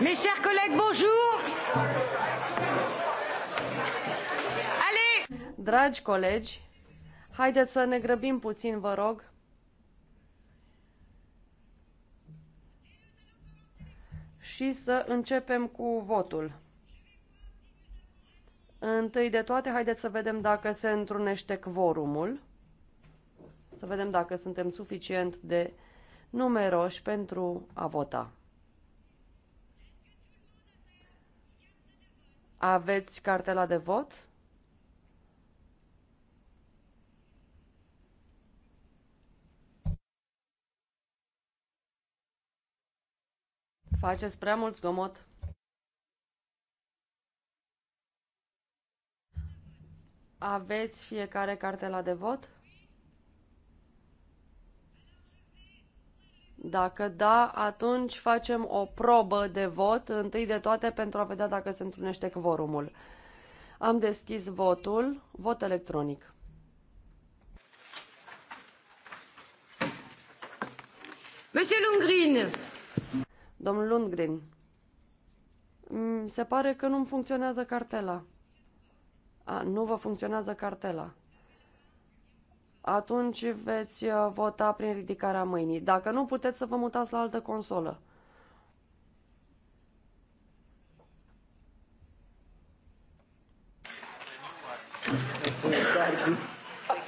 Mes chers collègues, bonjour. Allez. Dragi colegi, haideți să ne grăbim puțin, vă rog. Și să începem cu votul. Întâi de toate, haideți să vedem dacă se întrunește quorumul. Să vedem dacă suntem suficient de numeroși pentru a vota. Aveți cartela de vot? Faceți prea mult zgomot. Aveți fiecare cartela de vot? Dacă da, atunci facem o probă de vot, întâi de toate pentru a vedea dacă se întrunește quorumul. Am deschis votul, vot electronic. Monsieur Lundgren! Domnul Lundgren, mm, se pare că nu-mi funcționează cartela. A, nu vă funcționează cartela atunci veți uh, vota prin ridicarea mâinii. Dacă nu, puteți să vă mutați la altă consolă.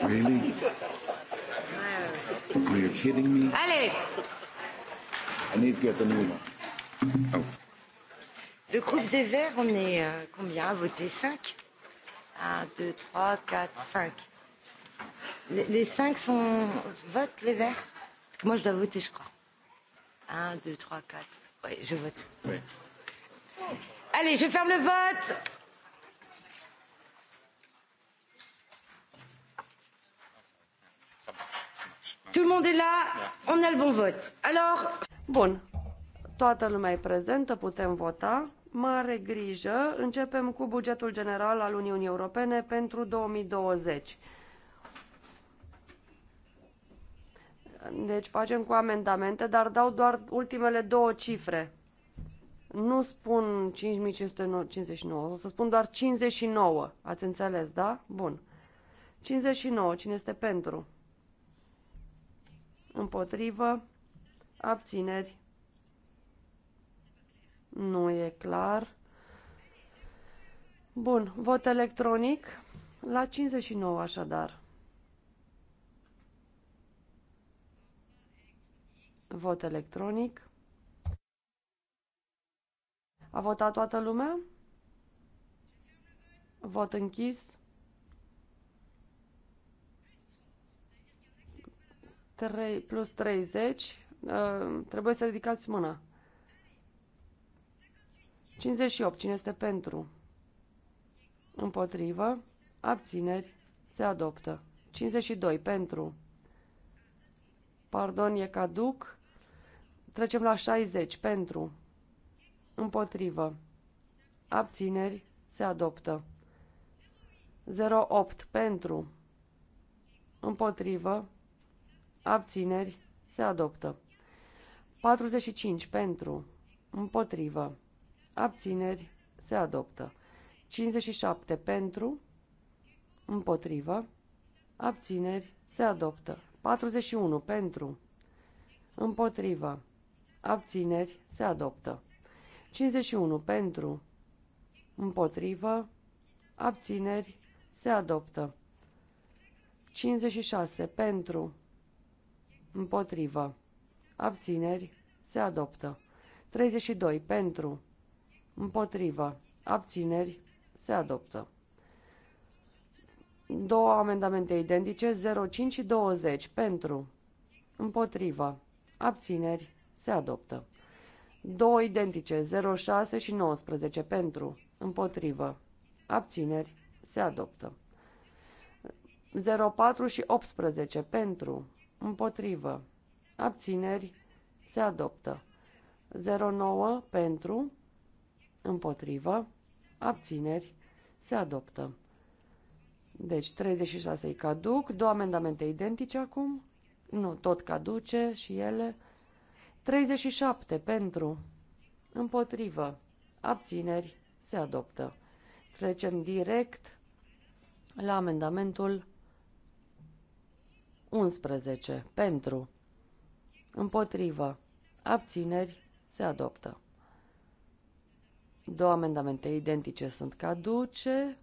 Really? Are you kidding me? Allez! I need to get the new one. Oh. Le groupe des Verts, on est euh, combien à voter 5 1, 2, 3, 4, 5. Les, les cinq sont Vote les verts Parce que moi je dois voter, je crois. Un, deux, trois, quatre. Oui, je vote. Oui. Allez, je ferme le vote. Tout le monde est là, on a le bon vote. Alors... Bon. toată lumea e prezentă, putem vota. Mare grijă, începem cu bugetul general al Uniunii Europene pentru 2020. Deci facem cu amendamente, dar dau doar ultimele două cifre. Nu spun 5559, o să spun doar 59. Ați înțeles, da? Bun. 59, cine este pentru? Împotrivă? Abțineri? Nu e clar. Bun, vot electronic la 59 așadar. Vot electronic. A votat toată lumea? Vot închis. plus 30. Uh, trebuie să ridicați mâna. 58. Cine este pentru? Împotrivă. Abțineri. Se adoptă. 52. Pentru. Pardon, e caduc. Trecem la 60. Pentru. Împotrivă. Abțineri. Se adoptă. 08. Pentru. Împotrivă. Abțineri. Se adoptă. 45. Pentru. Împotrivă. Abțineri. Se adoptă. 57. Pentru. Împotrivă. Abțineri. Se adoptă. 41. Pentru. Împotrivă abțineri, se adoptă. 51 pentru, împotrivă, abțineri, se adoptă. 56 pentru, împotrivă, abțineri, se adoptă. 32 pentru, împotrivă, abțineri, se adoptă. Două amendamente identice, 05 și 20, pentru, împotrivă, abțineri, se adoptă. 2 identice, 06 și 19, pentru, împotrivă, abțineri, se adoptă. 04 și 18, pentru, împotrivă, abțineri, se adoptă. 09, pentru, împotrivă, abțineri, se adoptă. Deci 36 caduc, două amendamente identice acum, nu, tot caduce și ele. 37 pentru, împotrivă, abțineri, se adoptă. Trecem direct la amendamentul 11 pentru, împotrivă, abțineri, se adoptă. Două amendamente identice sunt caduce.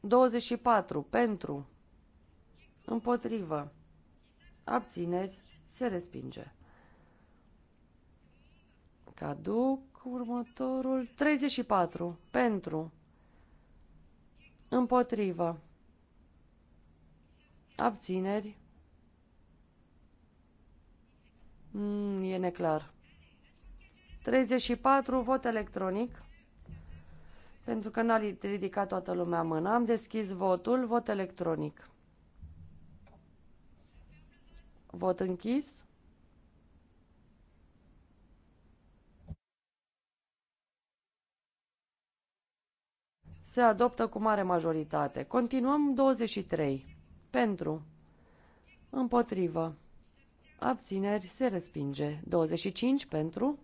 24 pentru, împotrivă, abțineri, se respinge. Caduc următorul 34 pentru împotrivă abțineri mm, e neclar 34 vot electronic pentru că n-a ridicat toată lumea mâna am deschis votul, vot electronic Vot închis. Se adoptă cu mare majoritate. Continuăm 23. Pentru. Împotrivă. Abțineri se respinge. 25 pentru.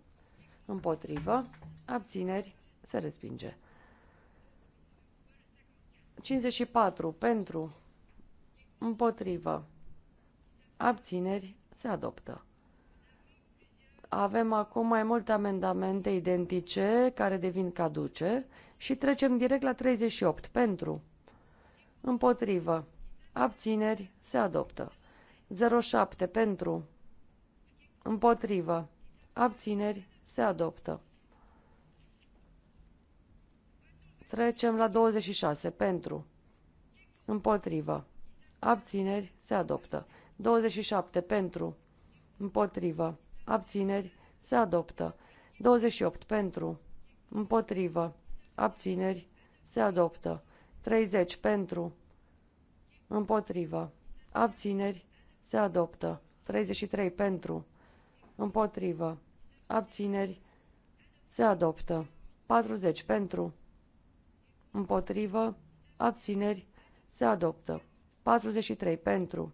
Împotrivă. Abțineri se respinge. 54 pentru. Împotrivă abțineri, se adoptă. Avem acum mai multe amendamente identice care devin caduce și trecem direct la 38. Pentru, împotrivă, abțineri, se adoptă. 07. Pentru, împotrivă, abțineri, se adoptă. Trecem la 26. Pentru. Împotrivă. Abțineri. Se adoptă. 27 pentru, împotrivă, abțineri, se adoptă. 28 pentru, împotrivă, abțineri, se adoptă. 30 pentru, împotrivă, abțineri, se adoptă. 33 pentru, împotrivă, abțineri, se adoptă. 40 pentru, împotrivă, abțineri, se adoptă. 43 pentru,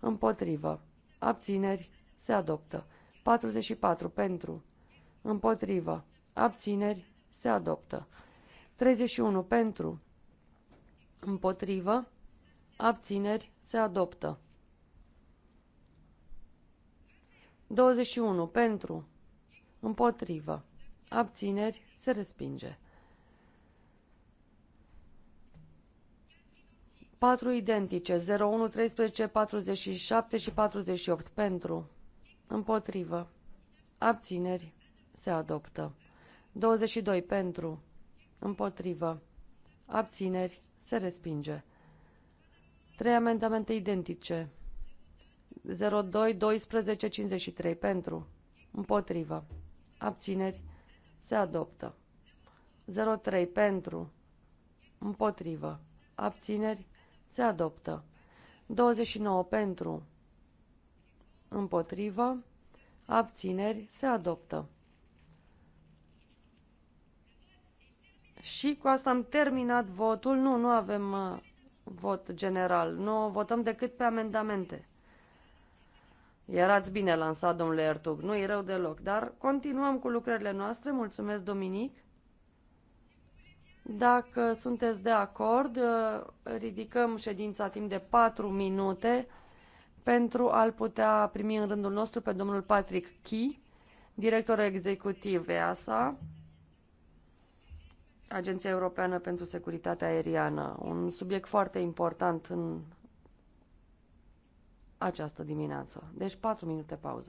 Împotrivă. Abțineri. Se adoptă. 44. Pentru. Împotrivă. Abțineri. Se adoptă. 31. Pentru. Împotrivă. Abțineri. Se adoptă. 21. Pentru. Împotrivă. Abțineri. Se respinge. 4 identice, 0, 1, 13, 47 și 48 pentru, împotrivă, abțineri, se adoptă. 22 pentru, împotrivă, abțineri, se respinge. 3 amendamente identice, 0, 2, 12, 53 pentru, împotrivă, abțineri, se adoptă. 03 pentru, împotrivă, abțineri, se adoptă. 29 pentru. Împotrivă. Abțineri. Se adoptă. Și cu asta am terminat votul. Nu, nu avem uh, vot general. Nu votăm decât pe amendamente. Erați bine lansat, domnule Ertug. Nu e rău deloc. Dar continuăm cu lucrările noastre. Mulțumesc, Dominic. Dacă sunteți de acord, ridicăm ședința timp de 4 minute pentru a-l putea primi în rândul nostru pe domnul Patrick Key, directorul executiv EASA, Agenția Europeană pentru Securitatea Aeriană, un subiect foarte important în această dimineață. Deci 4 minute pauză.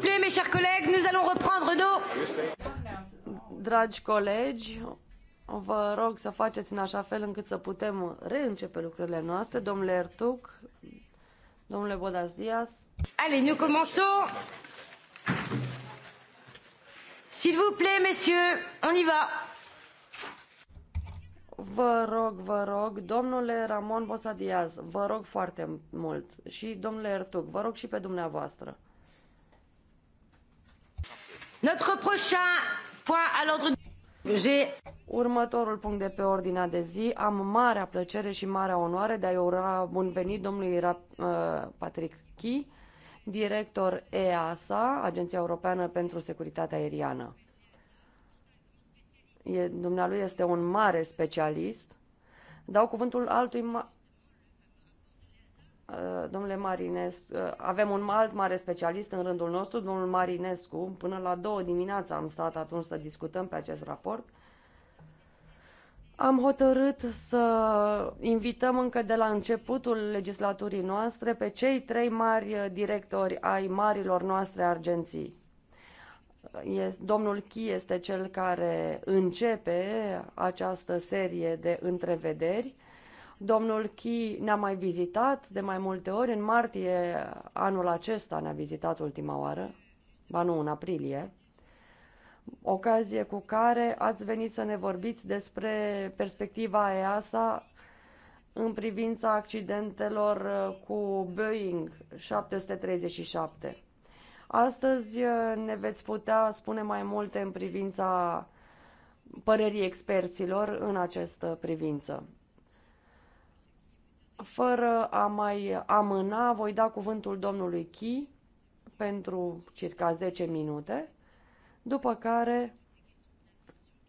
vous plaît, mes chers collègues, nous allons reprendre nos... Dragi colegi, vă rog să faceți în așa fel încât să putem reîncepe lucrurile noastre. Domnule Ertuc, domnule Bodas Dias. Allez, nous commençons. S'il vous plaît, messieurs, on y va. Vă rog, vă rog, domnule Ramon Bosadiaz, vă rog foarte mult și domnule Ertuc, vă rog și pe dumneavoastră. Notre prochain point à l'ordre Următorul punct de pe ordinea de zi, am marea plăcere și marea onoare de a-i ura bun venit domnului uh, Patrick Chi, director EASA, Agenția Europeană pentru Securitatea Aeriană. E, dumnealui este un mare specialist. Dau cuvântul altui ma- Eh, domnule Marinescu, eh, avem un alt mare specialist în rândul nostru, domnul Marinescu, până la două dimineața am stat atunci să discutăm pe acest raport. Am hotărât să invităm încă de la începutul legislaturii noastre pe cei trei mari directori ai marilor noastre argenții. Eh, domnul Chi este cel care începe această serie de întrevederi Domnul Chi ne-a mai vizitat de mai multe ori. În martie anul acesta ne-a vizitat ultima oară, ba nu, în aprilie, ocazie cu care ați venit să ne vorbiți despre perspectiva EASA în privința accidentelor uh, cu Boeing 737. Astăzi uh, ne veți putea spune mai multe în privința părerii experților în această privință. Fără a mai amâna, voi da cuvântul domnului Chi pentru circa 10 minute, după care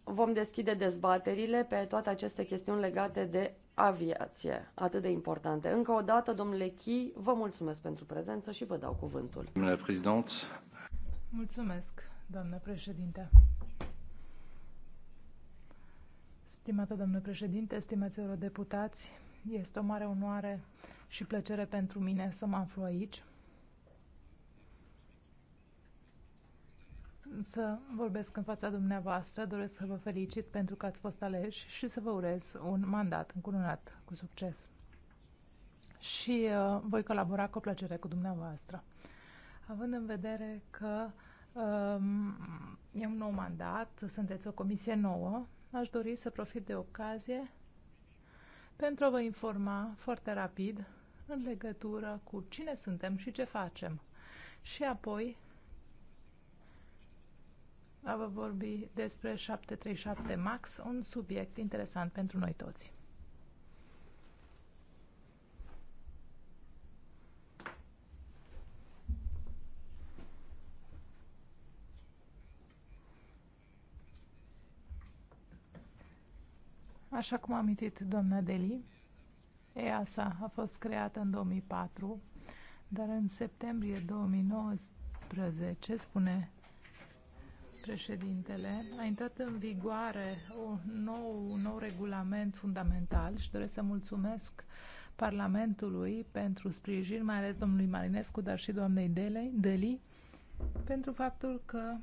vom deschide dezbaterile pe toate aceste chestiuni legate de aviație, atât de importante. Încă o dată, domnule Chi, vă mulțumesc pentru prezență și vă dau cuvântul. Domnule președinte. Mulțumesc, doamnă președinte. Stimată doamnă președinte, stimați eurodeputați, este o mare onoare și plăcere pentru mine să mă aflu aici, să vorbesc în fața dumneavoastră. Doresc să vă felicit pentru că ați fost aleși și să vă urez un mandat încununat cu succes. Și uh, voi colabora cu plăcere cu dumneavoastră. Având în vedere că um, e un nou mandat, sunteți o comisie nouă, aș dori să profit de ocazie pentru a vă informa foarte rapid în legătură cu cine suntem și ce facem. Și apoi a vă vorbi despre 737 MAX, un subiect interesant pentru noi toți. Așa cum a amintit doamna Deli, EASA a fost creată în 2004, dar în septembrie 2019, spune președintele, a intrat în vigoare un nou, un nou regulament fundamental și doresc să mulțumesc Parlamentului pentru sprijin, mai ales domnului Marinescu, dar și doamnei Deli, pentru faptul că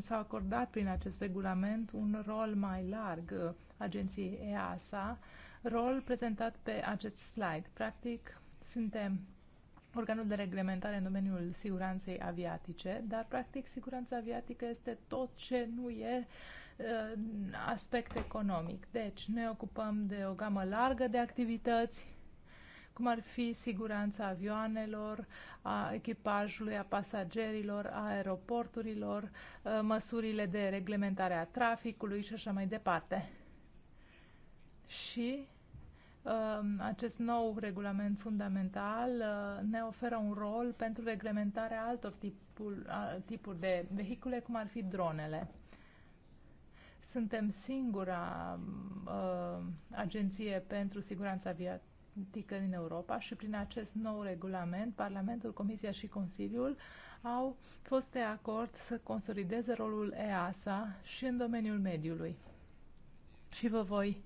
s-a acordat prin acest regulament un rol mai larg agenției EASA, rol prezentat pe acest slide. Practic, suntem organul de reglementare în domeniul siguranței aviatice, dar practic siguranța aviatică este tot ce nu e uh, aspect economic. Deci ne ocupăm de o gamă largă de activități, cum ar fi siguranța avioanelor, a echipajului, a pasagerilor, a aeroporturilor, uh, măsurile de reglementare a traficului și așa mai departe și um, acest nou regulament fundamental uh, ne oferă un rol pentru reglementarea altor tipul, tipuri de vehicule, cum ar fi dronele. Suntem singura um, uh, agenție pentru siguranța aviatică din Europa și prin acest nou regulament, Parlamentul, Comisia și Consiliul au fost de acord să consolideze rolul EASA și în domeniul mediului. Și vă voi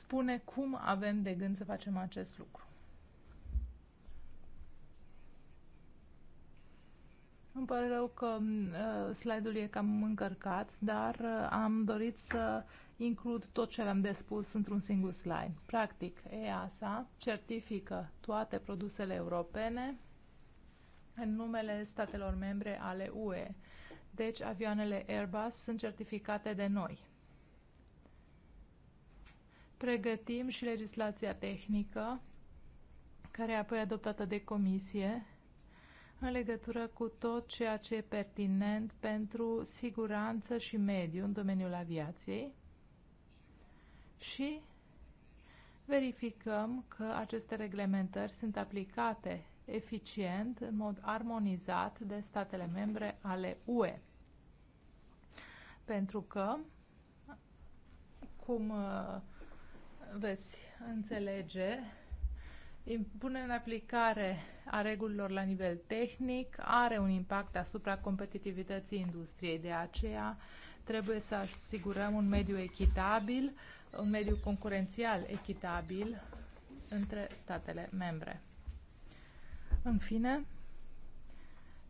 spune cum avem de gând să facem acest lucru. Îmi pare rău că uh, slide-ul e cam încărcat, dar uh, am dorit să includ tot ce aveam de spus într-un singur slide. Practic, EASA certifică toate produsele europene în numele statelor membre ale UE. Deci, avioanele Airbus sunt certificate de noi pregătim și legislația tehnică, care e apoi adoptată de comisie, în legătură cu tot ceea ce e pertinent pentru siguranță și mediu în domeniul aviației și verificăm că aceste reglementări sunt aplicate eficient, în mod armonizat de statele membre ale UE. Pentru că, cum uh, veți înțelege punerea în aplicare a regulilor la nivel tehnic are un impact asupra competitivității industriei. De aceea trebuie să asigurăm un mediu echitabil, un mediu concurențial echitabil între statele membre. În fine,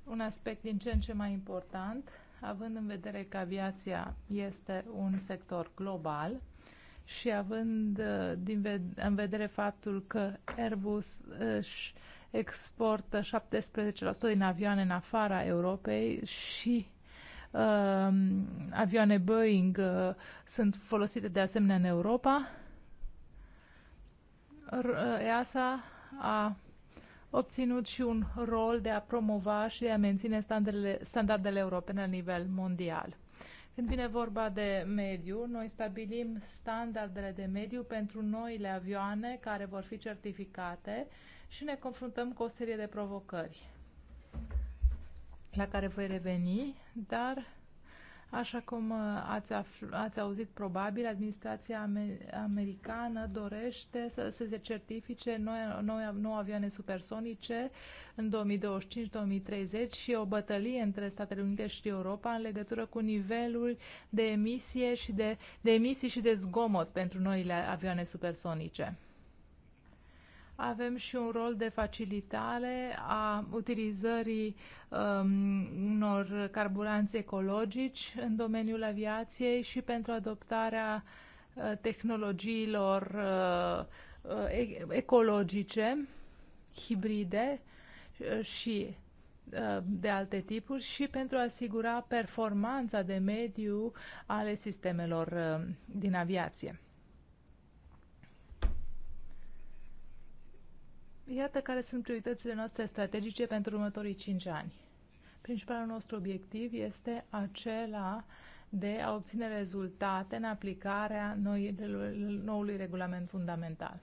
un aspect din ce în ce mai important, având în vedere că aviația este un sector global, și având uh, din ved- în vedere faptul că Airbus uh, își exportă 17% din avioane în afara Europei și uh, avioane Boeing uh, sunt folosite de asemenea în Europa, uh, EASA a obținut și un rol de a promova și de a menține standardele, standardele europene la nivel mondial. Când vine vorba de mediu, noi stabilim standardele de mediu pentru noile avioane care vor fi certificate și ne confruntăm cu o serie de provocări la care voi reveni, dar Așa cum uh, ați, ați auzit probabil, administrația amer americană dorește să, să se certifice noi, noi, nouă avioane supersonice în 2025-2030 și o bătălie între Statele Unite și Europa în legătură cu nivelul de, emisie și de, de emisii și de zgomot pentru noile avioane supersonice. Avem și un rol de facilitare a utilizării um, unor carburanți ecologici în domeniul aviației și pentru adoptarea uh, tehnologiilor uh, uh ecologice, hibride uh, și uh, de alte tipuri și pentru a asigura performanța de mediu ale sistemelor din aviație. Iată care sunt prioritățile noastre strategice pentru următorii 5 ani. Principalul nostru obiectiv este acela de a obține rezultate în aplicarea noi, noului regulament fundamental.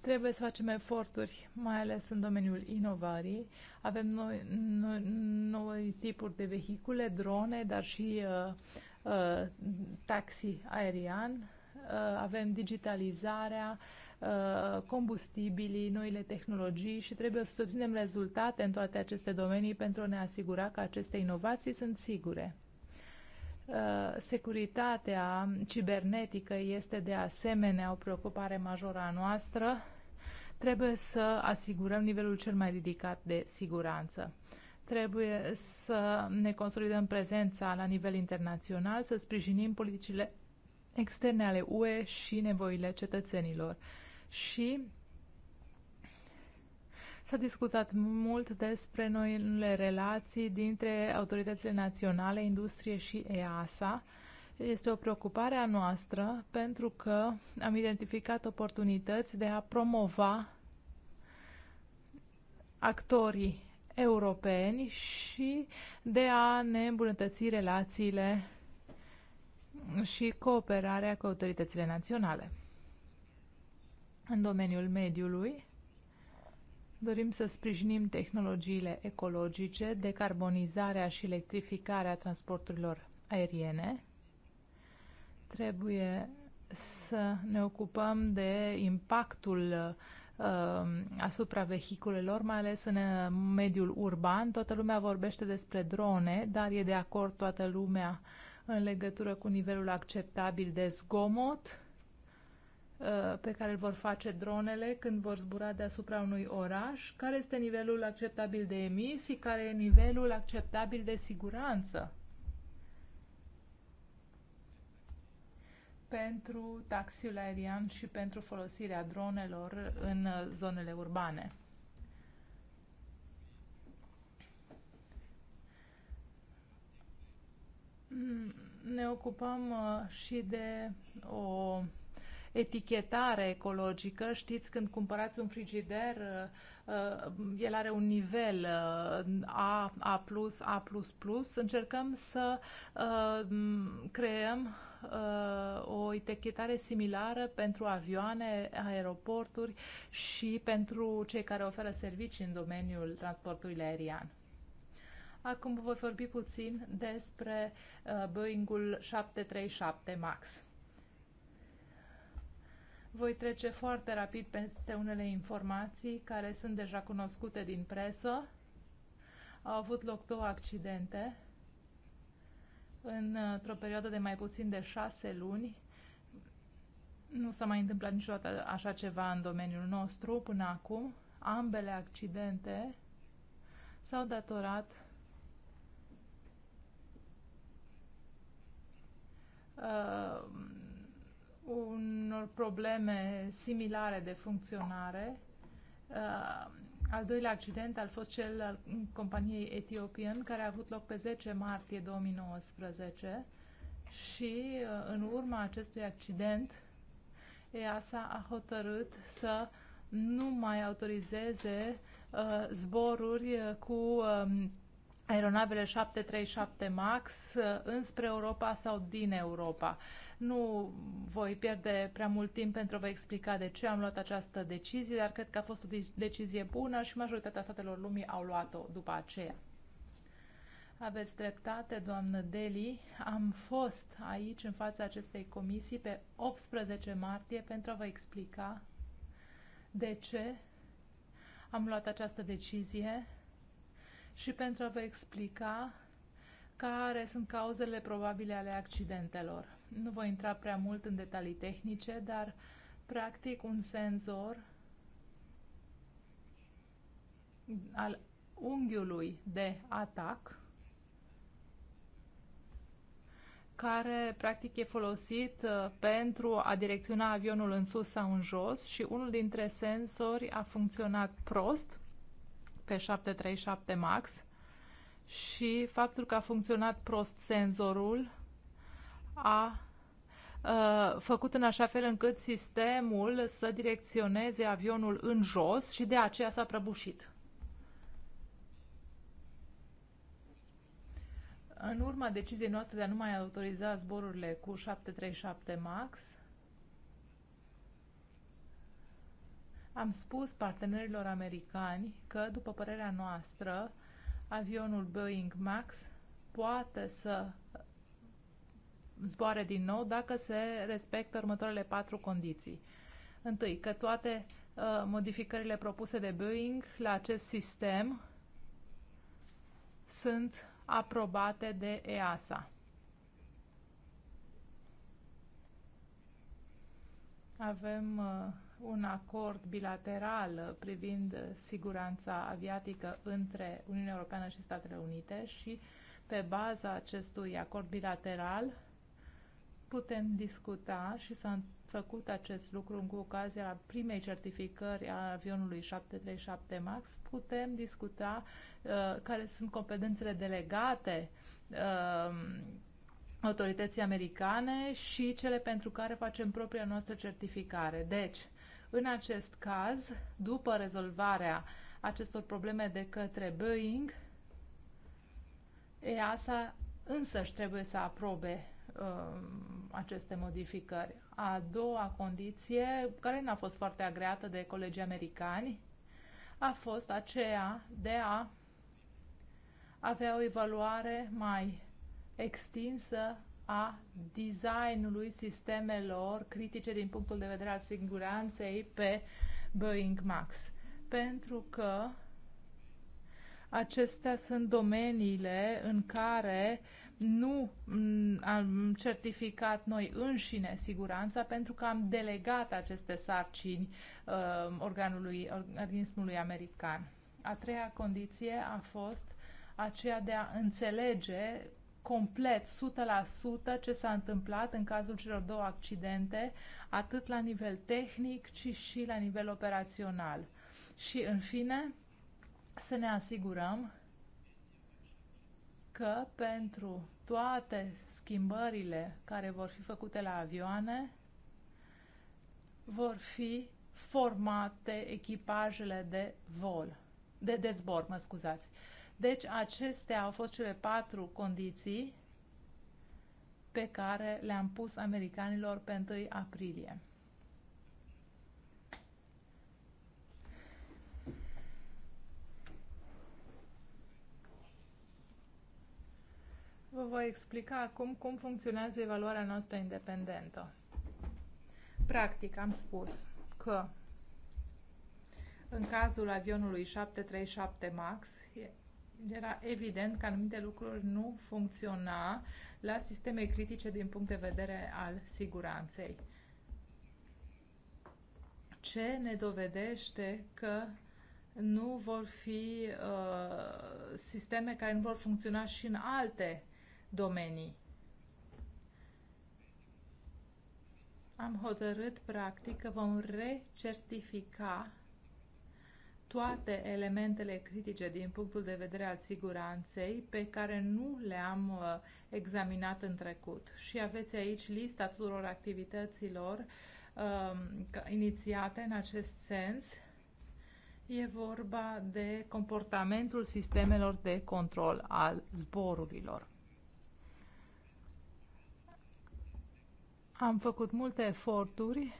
Trebuie să facem eforturi, mai ales în domeniul inovării. Avem noi, noi, noi tipuri de vehicule, drone, dar și uh, uh, taxi aerian Uh, avem digitalizarea, uh, combustibilii, noile tehnologii și trebuie să obținem rezultate în toate aceste domenii pentru a ne asigura că aceste inovații sunt sigure. Uh, securitatea cibernetică este de asemenea o preocupare majoră a noastră. Trebuie să asigurăm nivelul cel mai ridicat de siguranță trebuie să ne consolidăm prezența la nivel internațional, să sprijinim politicile externe ale UE și nevoile cetățenilor. Și S-a discutat mult despre noile relații dintre autoritățile naționale, industrie și EASA. Este o preocupare a noastră pentru că am identificat oportunități de a promova actorii europeni și de a ne îmbunătăți relațiile și cooperarea cu autoritățile naționale. În domeniul mediului, dorim să sprijinim tehnologiile ecologice, decarbonizarea și electrificarea transporturilor aeriene. Trebuie să ne ocupăm de impactul uh, asupra vehiculelor, mai ales în uh, mediul urban. Toată lumea vorbește despre drone, dar e de acord toată lumea în legătură cu nivelul acceptabil de zgomot uh, pe care îl vor face dronele când vor zbura deasupra unui oraș, care este nivelul acceptabil de emisii, care e nivelul acceptabil de siguranță pentru taxiul aerian și pentru folosirea dronelor în zonele urbane. ne ocupăm uh, și de o etichetare ecologică. Știți, când cumpărați un frigider, uh, uh, el are un nivel A, A+, A++. Încercăm să creăm o etichetare similară pentru avioane, aeroporturi și pentru cei care oferă servicii în domeniul transportului aerian. Acum voi vorbi puțin despre uh, Boeing-ul 737 MAX. Voi trece foarte rapid peste unele informații care sunt deja cunoscute din presă. Au avut loc două accidente într-o uh, perioadă de mai puțin de șase luni. Nu s-a mai întâmplat niciodată așa ceva în domeniul nostru până acum. Ambele accidente s-au datorat uh, unor probleme similare de funcționare. Uh, al doilea accident a fost cel al companiei Ethiopian, care a avut loc pe 10 martie 2019 și uh, în urma acestui accident EASA a hotărât să nu mai autorizeze uh, zboruri uh, cu um, aeronavele 737 MAX uh, înspre Europa sau din Europa. Nu voi pierde prea mult timp pentru a vă explica de ce am luat această decizie, dar cred că a fost o decizie bună și majoritatea statelor lumii au luat-o după aceea. Aveți dreptate, doamnă Deli. Am fost aici, în fața acestei comisii, pe 18 martie pentru a vă explica de ce am luat această decizie și pentru a vă explica care sunt cauzele probabile ale accidentelor. Nu voi intra prea mult în detalii tehnice, dar practic un senzor al unghiului de atac care practic e folosit uh, pentru a direcționa avionul în sus sau în jos și unul dintre sensori a funcționat prost pe 737 MAX și faptul că a funcționat prost senzorul a uh, făcut în așa fel încât sistemul să direcționeze avionul în jos și de aceea s-a prăbușit. În urma deciziei noastre de a nu mai autoriza zborurile cu 737 MAX, Am spus partenerilor americani că, după părerea noastră, avionul Boeing Max poate să zboare din nou dacă se respectă următoarele patru condiții. Întâi, că toate uh, modificările propuse de Boeing la acest sistem sunt aprobate de EASA. Avem uh, un acord bilateral uh, privind uh, siguranța aviatică între Uniunea Europeană și Statele Unite și pe baza acestui acord bilateral putem discuta și s-a făcut acest lucru cu ocazia primei certificări a avionului 737 MAX, putem discuta uh, care sunt competențele delegate uh, autorității americane și cele pentru care facem propria noastră certificare. Deci, în acest caz, după rezolvarea acestor probleme de către Boeing, EASA însăși trebuie să aprobe um, aceste modificări. A doua condiție, care n-a fost foarte agreată de colegii americani, a fost aceea de a avea o evaluare mai extinsă a designului sistemelor critice din punctul de vedere al siguranței pe Boeing Max. Pentru că acestea sunt domeniile în care nu am certificat noi înșine siguranța pentru că am delegat aceste sarcini uh, organului, organismului american. A treia condiție a fost aceea de a înțelege complet, 100%, ce s-a întâmplat în cazul celor două accidente, atât la nivel tehnic, ci și la nivel operațional. Și, în fine, să ne asigurăm că pentru toate schimbările care vor fi făcute la avioane, vor fi formate echipajele de vol, de dezbor, mă scuzați. Uh, deci acestea au fost cele patru condiții pe care le-am pus americanilor pe 1 aprilie. Vă voi explica acum cum funcționează evaluarea noastră independentă. Practic, am spus că în cazul avionului 737 MAX era evident că anumite lucruri nu funcționa la sisteme critice din punct de vedere al siguranței. Ce ne dovedește că nu vor fi uh, sisteme care nu vor funcționa și în alte domenii. Am hotărât, practic, că vom recertifica toate elementele critice din punctul de vedere al siguranței pe care nu le-am uh, examinat în trecut. Și aveți aici lista tuturor activităților uh, inițiate în acest sens. E vorba de comportamentul sistemelor de control al zborurilor. Am făcut multe eforturi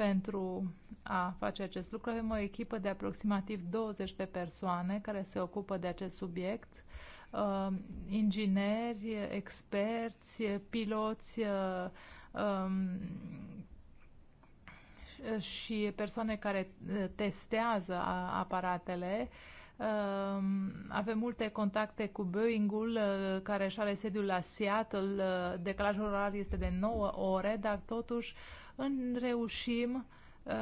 pentru a face acest lucru avem o echipă de aproximativ 20 de persoane care se ocupă de acest subiect, uh, ingineri, experți, piloți uh, um, și persoane care uh, testează aparatele um, avem multe contacte cu Boeing-ul, care își are sediul la Seattle. Decalajul orar este de 9 ore, dar totuși în reușim uh,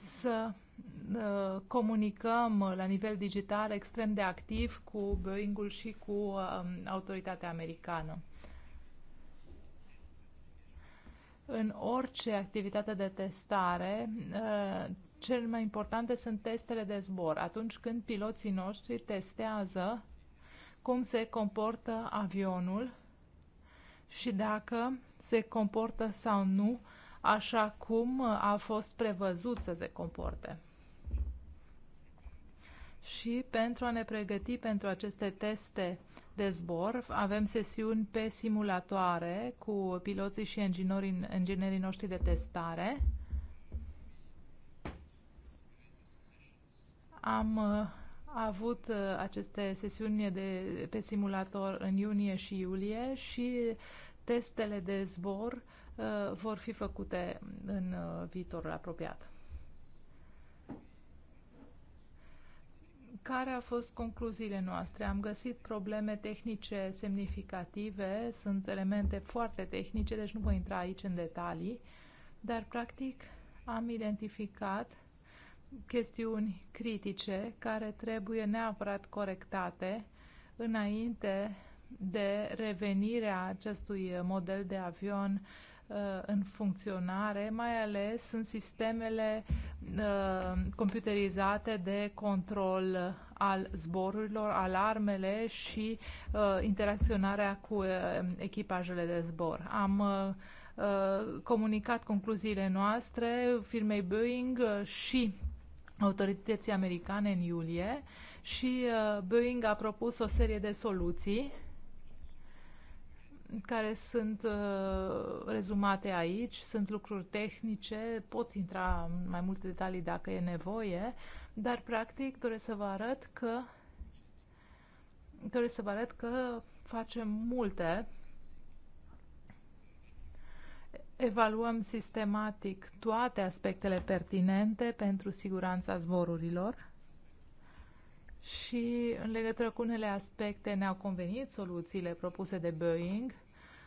să uh, comunicăm la nivel digital extrem de activ cu Boeing-ul și cu um, autoritatea americană. În orice activitate de testare, uh, cel mai importante sunt testele de zbor, atunci când piloții noștri testează cum se comportă avionul și dacă se comportă sau nu așa cum a fost prevăzut să se comporte. Și pentru a ne pregăti pentru aceste teste de zbor, avem sesiuni pe simulatoare cu piloții și inginerii, inginerii noștri de testare. Am uh, avut uh, aceste sesiuni de, pe simulator în iunie și iulie și testele de zbor uh, Uh, vor fi făcute în uh, viitorul apropiat. Care au fost concluziile noastre? Am găsit probleme tehnice semnificative, sunt elemente foarte tehnice, deci nu voi intra aici în detalii, dar practic am identificat chestiuni critice care trebuie neapărat corectate înainte de revenirea acestui model de avion Uh, în funcționare, mai ales în sistemele uh, computerizate de control al zborurilor, alarmele și uh, interacționarea cu echipajele de zbor. Am comunicat concluziile noastre firmei Boeing și autorității americane în iulie și Boeing a propus o serie de soluții care sunt uh, rezumate aici, sunt lucruri tehnice, pot intra în mai multe detalii dacă e nevoie, dar practic doresc să vă arăt că doresc să vă arăt că facem multe Evaluăm sistematic toate aspectele pertinente pentru siguranța zborurilor și în legătură cu unele aspecte ne-au convenit soluțiile propuse de Boeing,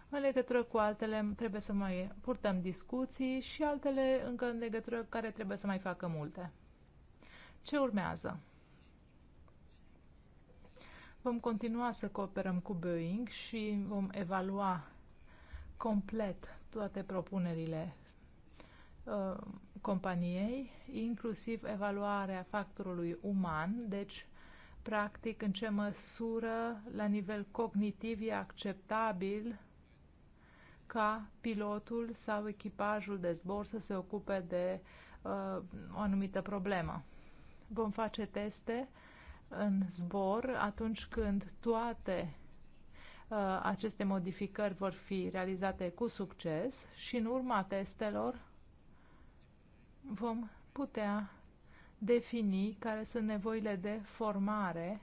în legătură cu altele trebuie să mai purtăm discuții și altele încă în legătură cu care trebuie să mai facă multe. Ce urmează? Vom continua să cooperăm cu Boeing și vom evalua complet toate propunerile uh, companiei, inclusiv evaluarea factorului uman, deci practic, în ce măsură, la nivel cognitiv, e acceptabil ca pilotul sau echipajul de zbor să se ocupe de uh, o anumită problemă. Vom face teste în zbor atunci când toate uh, aceste modificări vor fi realizate cu succes și în urma testelor vom putea defini care sunt nevoile de formare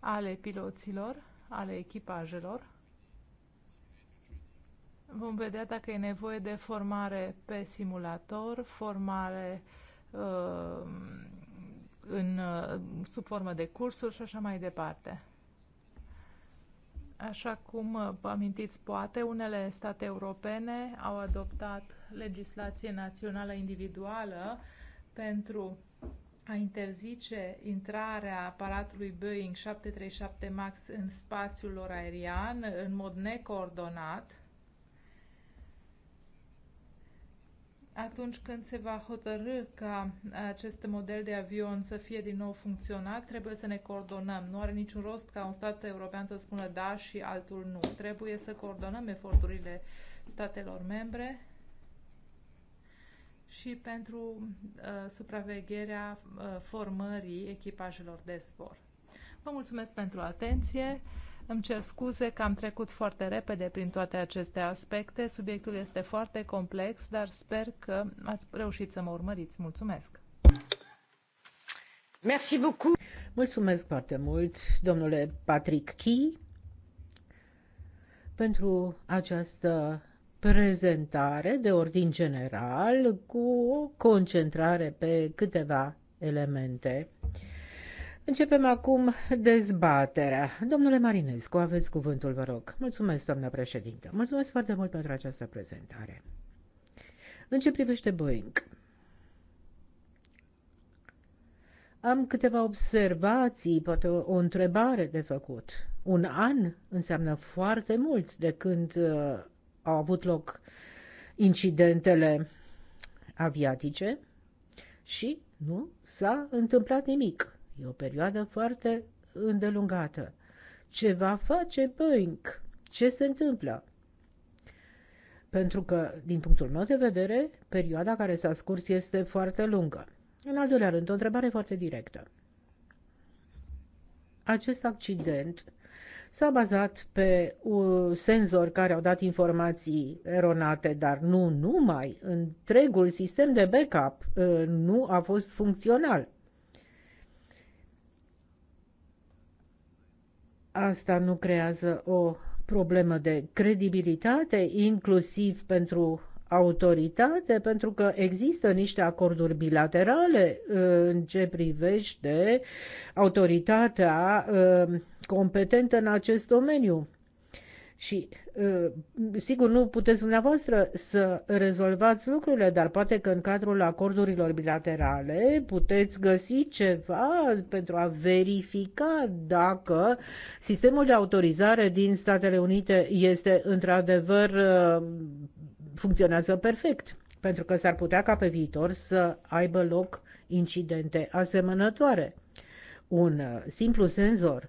ale piloților, ale echipajelor. Vom vedea dacă e nevoie de formare pe simulator, formare uh, în, uh, sub formă de cursuri și așa mai departe. Așa cum uh, vă amintiți, poate, unele state europene au adoptat legislație națională individuală pentru a interzice intrarea aparatului Boeing 737 MAX în spațiul lor aerian în mod necoordonat atunci când se va hotărâ ca acest model de avion să fie din nou funcțional, trebuie să ne coordonăm. Nu are niciun rost ca un stat european să spună da și altul nu. Trebuie să coordonăm eforturile statelor membre și pentru uh, supravegherea uh, formării echipajelor de zbor. Vă mulțumesc pentru atenție. Îmi cer scuze că am trecut foarte repede prin toate aceste aspecte. Subiectul este foarte complex, dar sper că ați reușit să mă urmăriți. Mulțumesc! Merci beaucoup. Mulțumesc foarte mult, domnule Patrick Key, pentru această prezentare de ordin general cu o concentrare pe câteva elemente. Începem acum dezbaterea. Domnule Marinescu, aveți cuvântul, vă rog. Mulțumesc, doamna președintă. Mulțumesc foarte mult pentru această prezentare. În ce privește Boeing, am câteva observații, poate o, o întrebare de făcut. Un an înseamnă foarte mult de când uh, au avut loc incidentele aviatice și nu s-a întâmplat nimic. E o perioadă foarte îndelungată. Ce va face Boeing? Ce se întâmplă? Pentru că, din punctul meu de vedere, perioada care s-a scurs este foarte lungă. În al doilea rând, o întrebare foarte directă. Acest accident s-a bazat pe senzori care au dat informații eronate, dar nu numai. Întregul sistem de backup uh, nu a fost funcțional. Asta nu creează o problemă de credibilitate, inclusiv pentru autoritate, pentru că există niște acorduri bilaterale uh, în ce privește autoritatea uh, competentă în acest domeniu. Și, uh, sigur, nu puteți dumneavoastră să rezolvați lucrurile, dar poate că în cadrul acordurilor bilaterale puteți găsi ceva pentru a verifica dacă sistemul de autorizare din Statele Unite este într-adevăr uh, funcționează perfect. Pentru că s-ar putea ca pe viitor să aibă loc incidente asemănătoare. Un uh, simplu senzor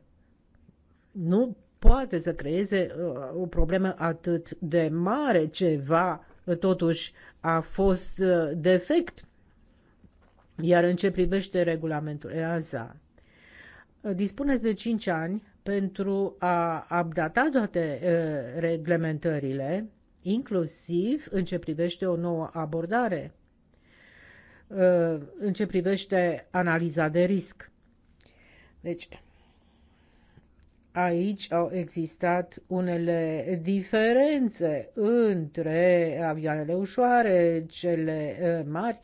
nu poate să creeze uh, o problemă atât de mare. Ceva uh, totuși a fost uh, defect. Iar în ce privește regulamentul EASA, dispuneți de 5 ani pentru a updata toate reglementările, inclusiv în ce privește o nouă abordare, în ce privește analiza de risc. Deci, Aici au existat unele diferențe între avioanele ușoare, cele uh, mari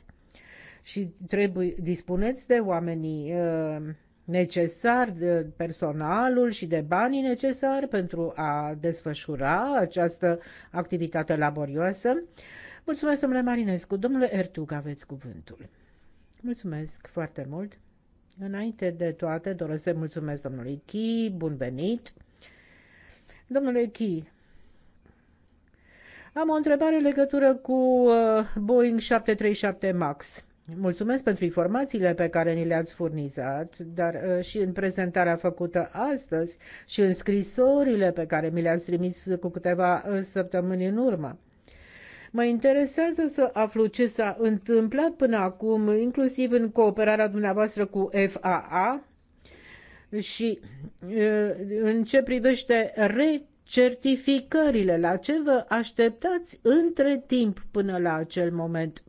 și trebuie dispuneți de oamenii uh, necesar de personalul și de banii necesari pentru a desfășura această activitate laborioasă. Mulțumesc, domnule Marinescu. Domnule Ertug, aveți cuvântul. Mulțumesc foarte mult. Înainte de toate, doresc să mulțumesc domnului Chi, bun venit. Domnule Chi, am o întrebare în legătură cu uh, Boeing 737 MAX. Mulțumesc pentru informațiile pe care ni le-ați furnizat, dar uh, și în prezentarea făcută astăzi și în scrisorile pe care mi le-ați trimis cu câteva uh, săptămâni în urmă. Mă interesează să aflu ce s-a întâmplat până acum, inclusiv în cooperarea dumneavoastră cu FAA și în ce privește recertificările, la ce vă așteptați între timp până la acel moment?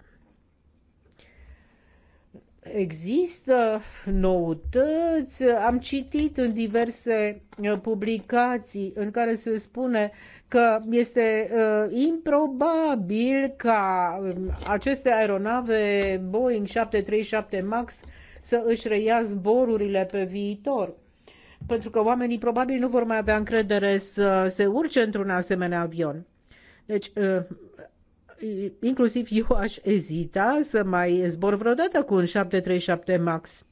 Există noutăți. Am citit în diverse publicații în care se spune că este uh, improbabil ca um, aceste aeronave Boeing 737 MAX să își reia zborurile pe viitor. Pentru că oamenii probabil nu vor mai avea încredere să se urce într-un asemenea avion. Deci, uh, inclusiv eu aș ezita să mai zbor vreodată cu un 737 MAX.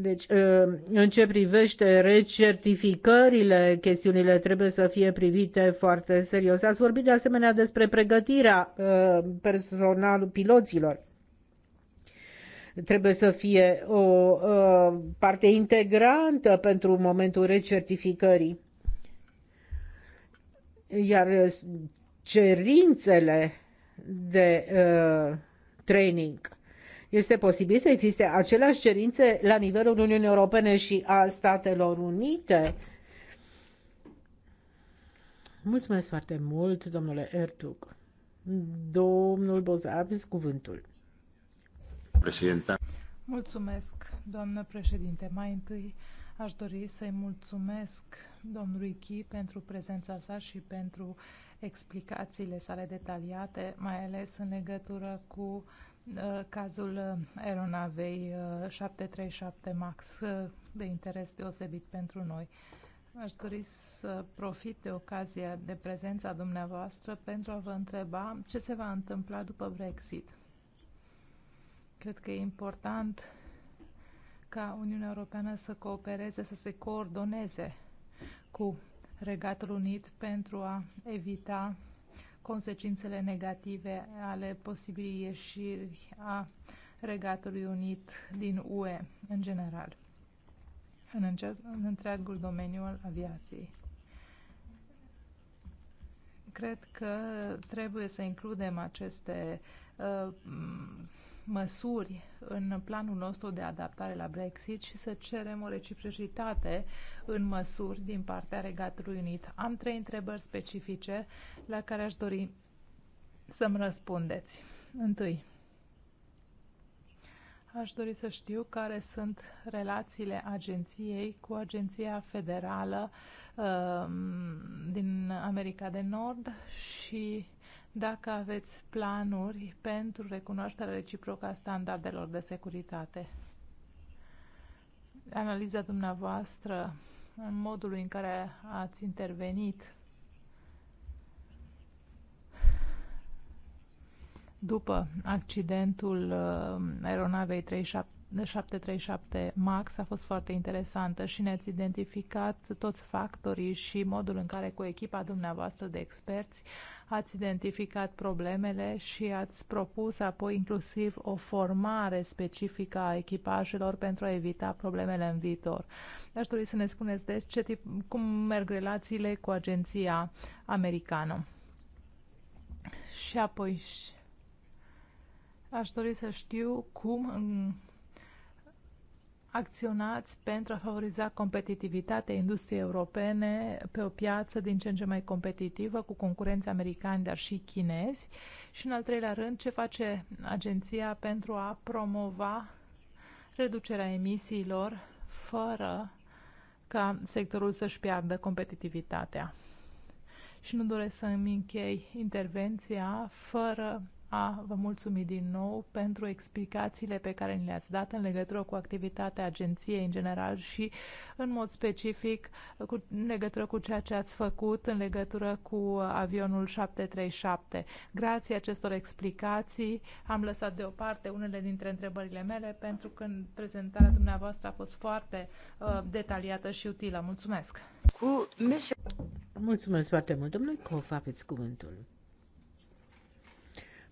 Deci, ă, în ce privește recertificările, chestiunile trebuie să fie privite foarte serios. Ați vorbit de asemenea despre pregătirea ă, personalului piloților. Trebuie să fie o ă, parte integrantă pentru momentul recertificării. Iar cerințele de training este posibil să existe aceleași cerințe la nivelul Uniunii Europene și a Statelor Unite? Mulțumesc foarte mult, domnule Ertug. Domnul Boza, aveți cuvântul. Președinte. Mulțumesc, doamnă președinte. Mai întâi aș dori să-i mulțumesc domnului Chi pentru prezența sa și pentru explicațiile sale detaliate, mai ales în legătură cu uh, Uh, cazul uh, aeronavei 737 uh, MAX de interes deosebit pentru noi. Aș dori să profit de ocazia de prezența dumneavoastră pentru a vă întreba ce se va întâmpla după Brexit. Cred că e important ca Uniunea Europeană să coopereze, să se coordoneze cu Regatul Unit pentru a evita consecințele negative ale posibilii ieșiri a Regatului Unit din UE în general, în, înce- în întreagul domeniu al aviației. Cred că trebuie să includem aceste uh, măsuri în planul nostru de adaptare la Brexit și să cerem o reciprocitate în măsuri din partea Regatului Unit. Am trei întrebări specifice la care aș dori să-mi răspundeți. Întâi, aș dori să știu care sunt relațiile agenției cu Agenția Federală uh, din America de Nord și dacă aveți planuri pentru recunoașterea reciprocă a standardelor de securitate. Analiza dumneavoastră în modul în care ați intervenit după accidentul uh, aeronavei 737 MAX a fost foarte interesantă și ne-ați identificat toți factorii și modul în care cu echipa dumneavoastră de experți ați identificat problemele și ați propus apoi inclusiv o formare specifică a echipajelor pentru a evita problemele în viitor. Aș dori să ne spuneți deci ce tip, cum merg relațiile cu agenția americană. Și apoi aș dori să știu cum acționați pentru a favoriza competitivitatea industriei europene pe o piață din ce în ce mai competitivă cu concurenți americani, dar și chinezi? Și în al treilea rând, ce face agenția pentru a promova reducerea emisiilor fără ca sectorul să-și piardă competitivitatea? Și nu doresc să îmi închei intervenția fără a vă mulțumi din nou pentru explicațiile pe care ni le-ați dat în legătură cu activitatea agenției în general și, în mod specific, cu, în legătură cu ceea ce ați făcut în legătură cu avionul 737. Grație acestor explicații am lăsat deoparte unele dintre întrebările mele pentru că prezentarea dumneavoastră a fost foarte uh, detaliată și utilă. Mulțumesc! Cu... Mulțumesc foarte mult, domnule Cof, aveți cuvântul.